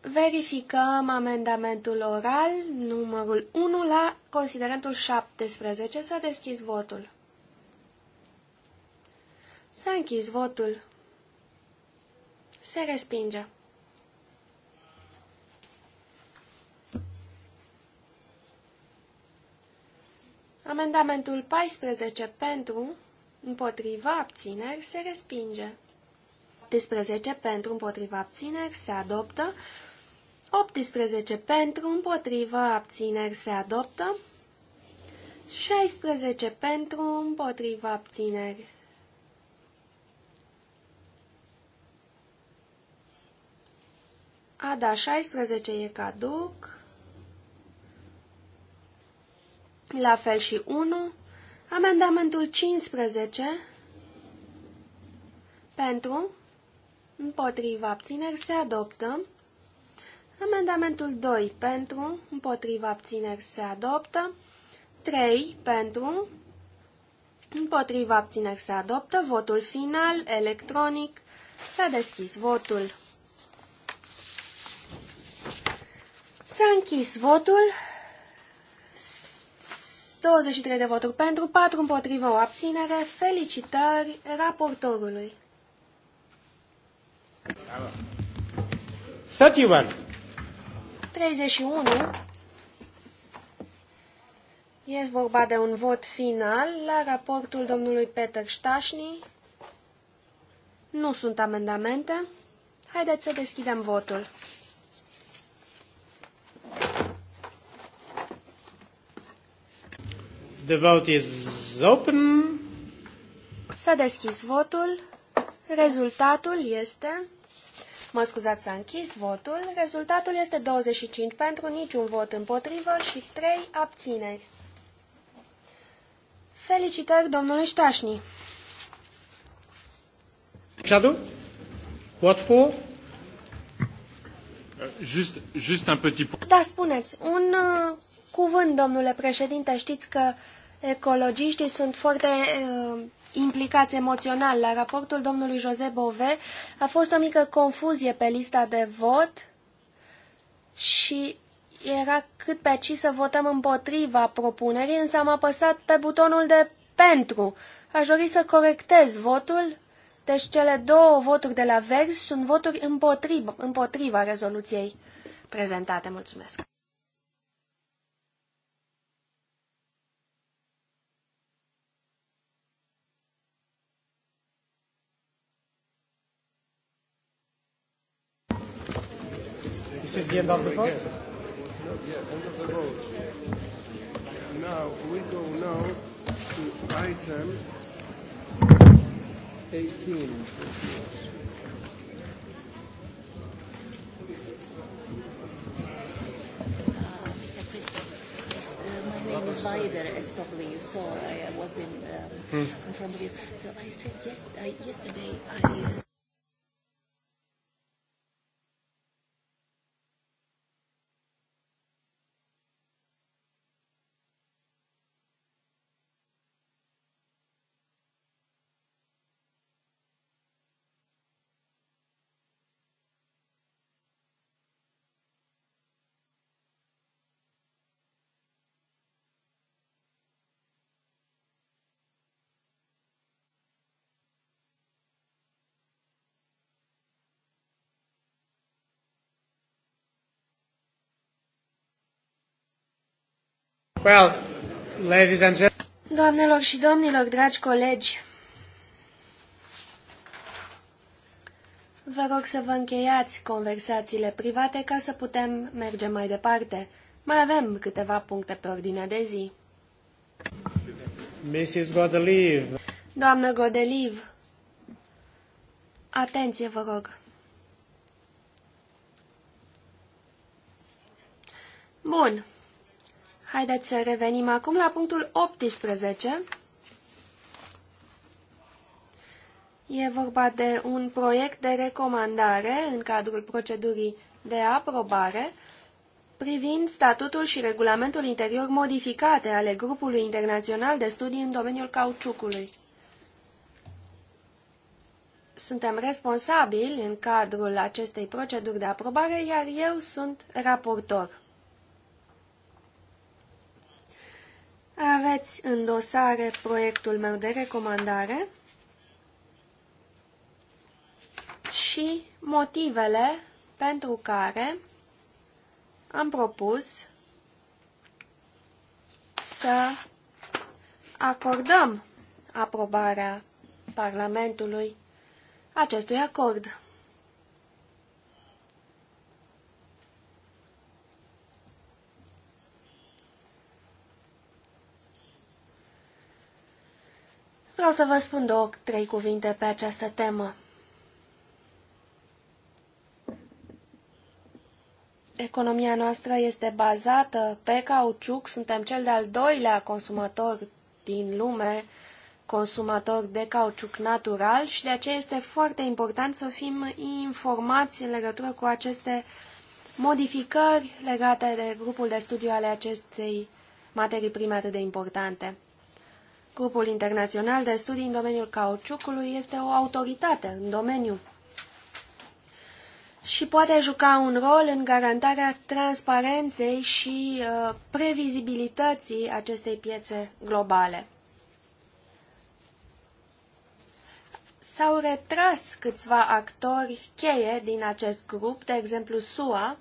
Verificăm amendamentul oral, numărul 1, la considerentul 17. S-a deschis votul. S-a închis votul. Se respinge. Amendamentul 14 pentru, împotriva abțineri se respinge. 18 pentru, împotriva abțineri se adoptă. 18 pentru, împotriva abțineri se adoptă. 16 pentru, împotriva abțineri. A, da, 16 e caduc. La fel și 1. Amendamentul 15 pentru, împotriva abțineri se adoptă. Amendamentul 2 pentru, împotriva abțineri se adoptă. 3 pentru, împotriva abțineri se adoptă. Votul final, electronic, s-a deschis votul. S-a închis votul 23 de voturi pentru, 4 împotrivă o abținere. Felicitări raportorului. 31. 31. E vorba de un vot final la raportul domnului Peter Ștașni. Nu sunt amendamente. Haideți să deschidem votul. The vote is open. S-a deschis votul. Rezultatul este... Mă scuzați, s-a închis votul. Rezultatul este 25 pentru, niciun vot împotrivă și 3 abțineri. Felicitări domnului Ștașni. Cadu? What for? Just, just un petit... Da, spuneți, un uh, cuvânt, domnule președinte, știți că Ecologiștii sunt foarte uh, implicați emoțional. La raportul domnului Jose Bove a fost o mică confuzie pe lista de vot și era cât pe ci să votăm împotriva propunerii, însă am apăsat pe butonul de pentru. Aș dori să corectez votul, deci cele două voturi de la Vers sunt voturi împotriva, împotriva rezoluției prezentate. Mulțumesc! This is the end of the vote? Yeah, end of the vote. Now, we go now to item 18. was wider, as probably you saw. I, was in, um, hmm. in front of you. So I said yes, uh, yesterday I. Uh... Well, ladies and gentlemen. Doamnelor și domnilor, dragi colegi, vă rog să vă încheiați conversațiile private ca să putem merge mai departe. Mai avem câteva puncte pe ordinea de zi. Mrs. Godeliv. Doamnă Godeliv, atenție vă rog. Bun. Haideți să revenim acum la punctul 18. E vorba de un proiect de recomandare în cadrul procedurii de aprobare privind statutul și regulamentul interior modificate ale grupului internațional de studii în domeniul cauciucului. Suntem responsabili în cadrul acestei proceduri de aprobare, iar eu sunt raportor. Aveți în dosare proiectul meu de recomandare și motivele pentru care am propus să acordăm aprobarea Parlamentului acestui acord. Vreau să vă spun două, trei cuvinte pe această temă. Economia noastră este bazată pe cauciuc, suntem cel de-al doilea consumator din lume, consumator de cauciuc natural și de aceea este foarte important să fim informați în legătură cu aceste modificări legate de grupul de studiu ale acestei materii prime atât de importante. Grupul Internațional de Studii în domeniul cauciucului este o autoritate în domeniu și poate juca un rol în garantarea transparenței și uh, previzibilității acestei piețe globale. S-au retras câțiva actori cheie din acest grup, de exemplu SUA,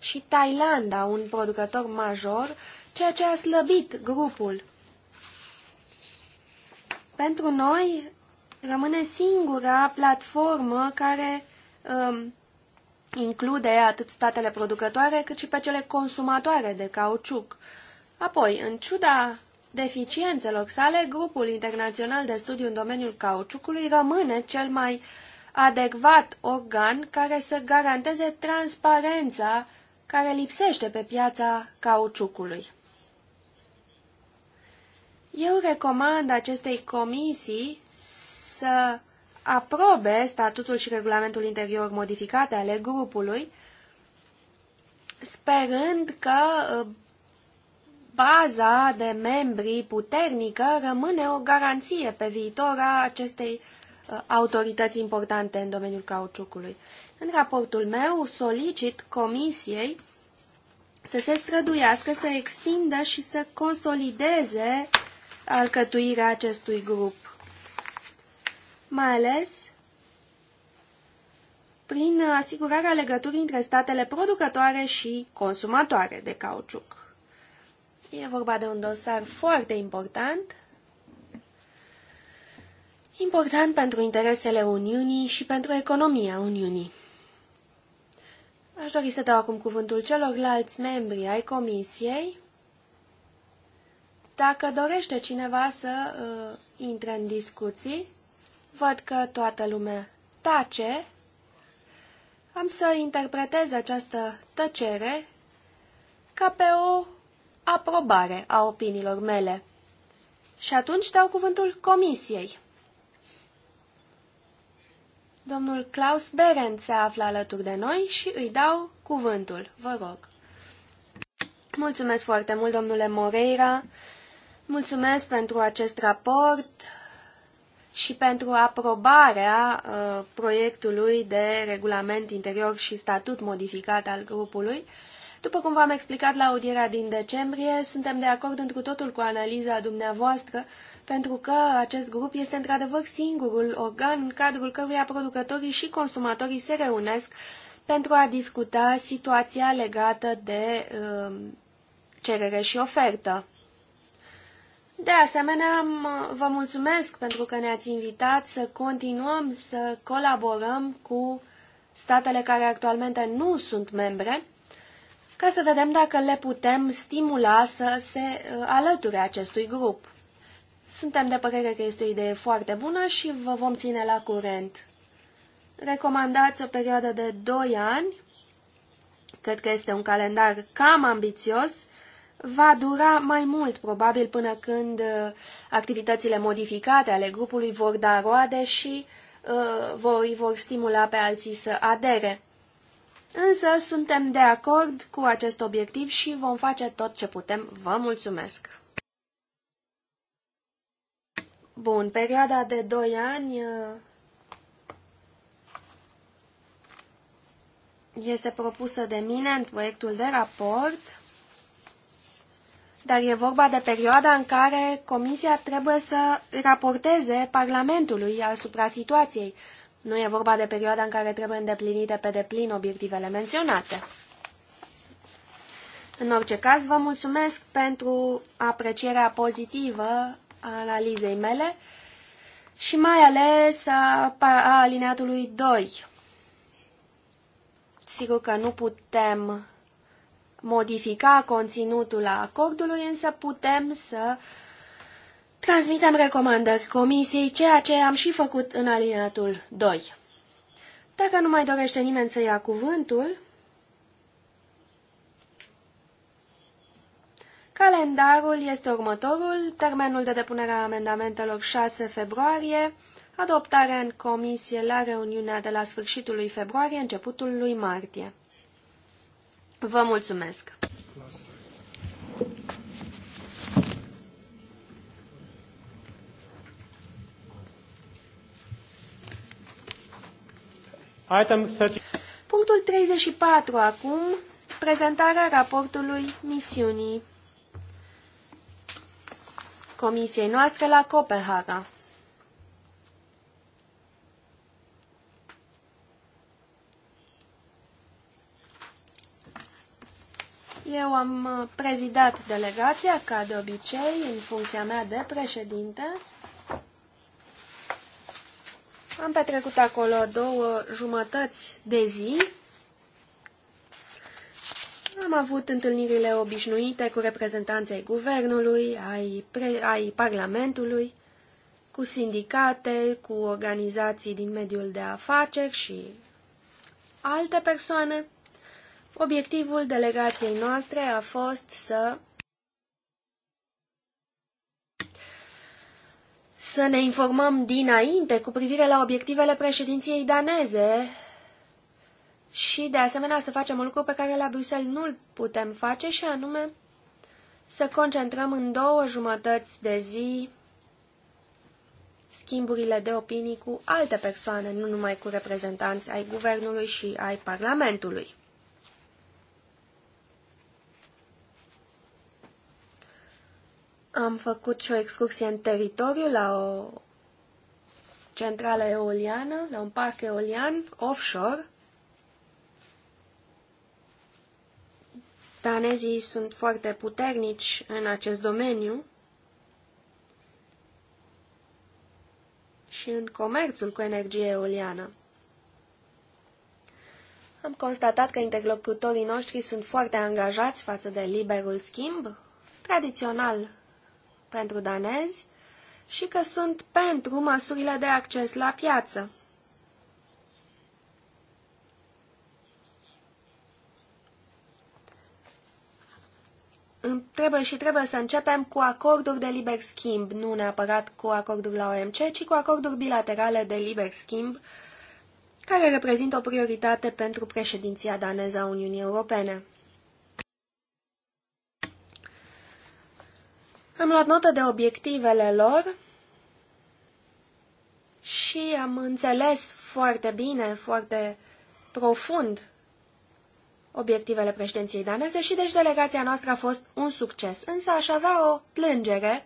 și Thailanda, un producător major, ceea ce a slăbit grupul. Pentru noi rămâne singura platformă care um, include atât statele producătoare cât și pe cele consumatoare de cauciuc. Apoi, în ciuda deficiențelor sale, grupul internațional de studiu în domeniul cauciucului rămâne cel mai adecvat organ care să garanteze transparența care lipsește pe piața cauciucului. Eu recomand acestei comisii să aprobe statutul și regulamentul interior modificate ale grupului, sperând că uh, baza de membri puternică rămâne o garanție pe viitor a acestei uh, autorități importante în domeniul cauciucului. În raportul meu solicit Comisiei să se străduiască să extindă și să consolideze alcătuirea acestui grup, mai ales prin asigurarea legăturii între statele producătoare și consumatoare de cauciuc. E vorba de un dosar foarte important, important pentru interesele Uniunii și pentru economia Uniunii. Aș dori să dau acum cuvântul celorlalți membri ai comisiei. Dacă dorește cineva să uh, intre în discuții, văd că toată lumea tace. Am să interpretez această tăcere ca pe o aprobare a opiniilor mele. Și atunci dau cuvântul comisiei. Domnul Klaus Berend se află alături de noi și îi dau cuvântul. Vă rog. Mulțumesc foarte mult, domnule Moreira. Mulțumesc pentru acest raport și pentru aprobarea uh, proiectului de regulament interior și statut modificat al grupului. După cum v-am explicat la audierea din decembrie, suntem de acord întru totul cu analiza dumneavoastră pentru că acest grup este într-adevăr singurul organ în cadrul căruia producătorii și consumatorii se reunesc pentru a discuta situația legată de um, cerere și ofertă. De asemenea, vă mulțumesc pentru că ne-ați invitat să continuăm să colaborăm cu statele care actualmente nu sunt membre, ca să vedem dacă le putem stimula să se uh, alăture acestui grup. Suntem de părere că este o idee foarte bună și vă vom ține la curent. Recomandați o perioadă de 2 ani, cred că este un calendar cam ambițios, va dura mai mult, probabil până când uh, activitățile modificate ale grupului vor da roade și uh, voi vor stimula pe alții să adere. Însă suntem de acord cu acest obiectiv și vom face tot ce putem. Vă mulțumesc! Bun, perioada de 2 ani uh, este propusă de mine în proiectul de raport, dar e vorba de perioada în care Comisia trebuie să raporteze Parlamentului asupra situației. Nu e vorba de perioada în care trebuie îndeplinite pe deplin obiectivele menționate. În orice caz, vă mulțumesc pentru aprecierea pozitivă analizei mele și mai ales a, a alineatului 2. Sigur că nu putem modifica conținutul acordului, însă putem să transmitem recomandări comisiei, ceea ce am și făcut în alineatul 2. Dacă nu mai dorește nimeni să ia cuvântul, Calendarul este următorul, termenul de depunere a amendamentelor 6 februarie, adoptarea în comisie la reuniunea de la sfârșitul lui februarie, începutul lui martie. Vă mulțumesc! Item 30. Punctul 34 acum, prezentarea raportului misiunii comisiei noastre la Copenhaga. Eu am uh, prezidat delegația, ca de obicei, în funcția mea de președinte. Am petrecut acolo două jumătăți de zi am avut întâlnirile obișnuite cu reprezentanții guvernului, ai, pre, ai parlamentului, cu sindicate, cu organizații din mediul de afaceri și alte persoane. Obiectivul delegației noastre a fost să să ne informăm dinainte cu privire la obiectivele președinției daneze și, de asemenea, să facem un lucru pe care la Bruxelles nu-l putem face și anume să concentrăm în două jumătăți de zi schimburile de opinii cu alte persoane, nu numai cu reprezentanți ai Guvernului și ai Parlamentului. Am făcut și o excursie în teritoriu la o centrală eoliană, la un parc eolian, offshore, Danezii sunt foarte puternici în acest domeniu și în comerțul cu energie eoliană. Am constatat că interlocutorii noștri sunt foarte angajați față de liberul schimb, tradițional pentru danezi, și că sunt pentru măsurile de acces la piață. trebuie și trebuie să începem cu acorduri de liber schimb, nu neapărat cu acorduri la OMC, ci cu acorduri bilaterale de liber schimb, care reprezintă o prioritate pentru președinția daneză a Uniunii Europene. Am luat notă de obiectivele lor și am înțeles foarte bine, foarte profund obiectivele președinției daneze și deci delegația noastră a fost un succes. Însă aș avea o plângere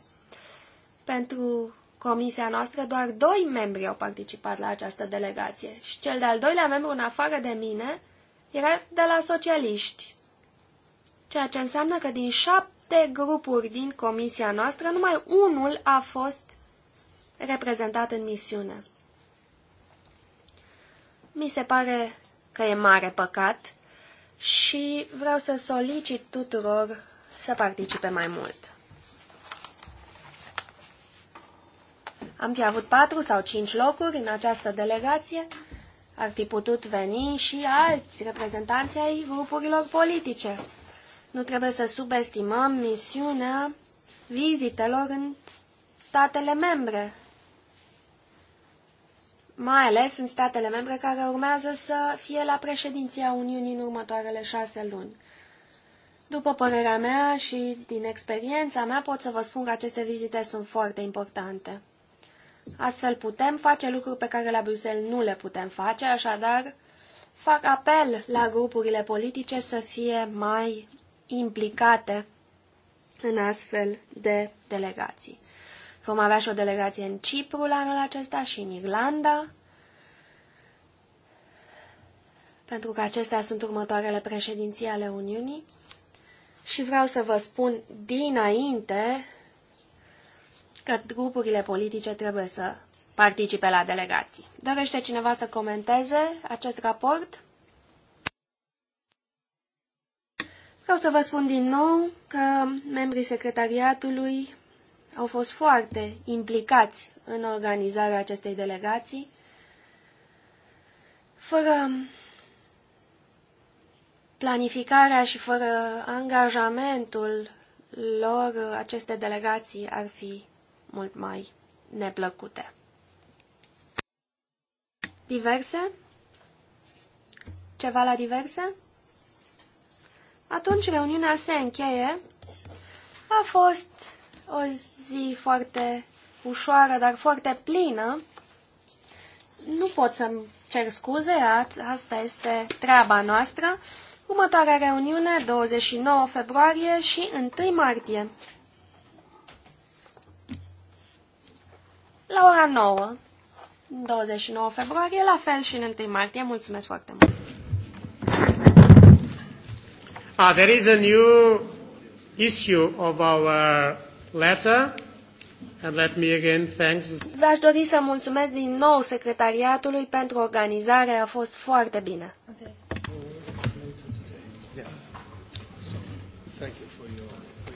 pentru comisia noastră, doar doi membri au participat la această delegație și cel de-al doilea membru în afară de mine era de la socialiști, ceea ce înseamnă că din șapte grupuri din comisia noastră, numai unul a fost reprezentat în misiune. Mi se pare că e mare păcat și vreau să solicit tuturor să participe mai mult. Am fi avut patru sau cinci locuri în această delegație, ar fi putut veni și alți reprezentanți ai grupurilor politice. Nu trebuie să subestimăm misiunea vizitelor în statele membre mai ales în statele membre care urmează să fie la președinția Uniunii în următoarele șase luni. După părerea mea și din experiența mea pot să vă spun că aceste vizite sunt foarte importante. Astfel putem face lucruri pe care la Bruxelles nu le putem face, așadar fac apel la grupurile politice să fie mai implicate în astfel de delegații. Vom avea și o delegație în Cipru la anul acesta și în Irlanda, pentru că acestea sunt următoarele președinții ale Uniunii. Și vreau să vă spun dinainte că grupurile politice trebuie să participe la delegații. Dorește cineva să comenteze acest raport? Vreau să vă spun din nou că membrii secretariatului au fost foarte implicați în organizarea acestei delegații, fără planificarea și fără angajamentul lor, aceste delegații ar fi mult mai neplăcute. Diverse? Ceva la diverse? Atunci reuniunea se încheie. A fost o zi foarte ușoară, dar foarte plină. Nu pot să-mi cer scuze, asta este treaba noastră. Următoarea reuniune, 29 februarie și 1 martie. La ora 9, 29 februarie, la fel și în 1 martie. Mulțumesc foarte mult! Ah, there is a new issue of our uh, letter. And let me again thank... V-aș dori să mulțumesc din nou secretariatului pentru organizare, a fost foarte bine. Thank you.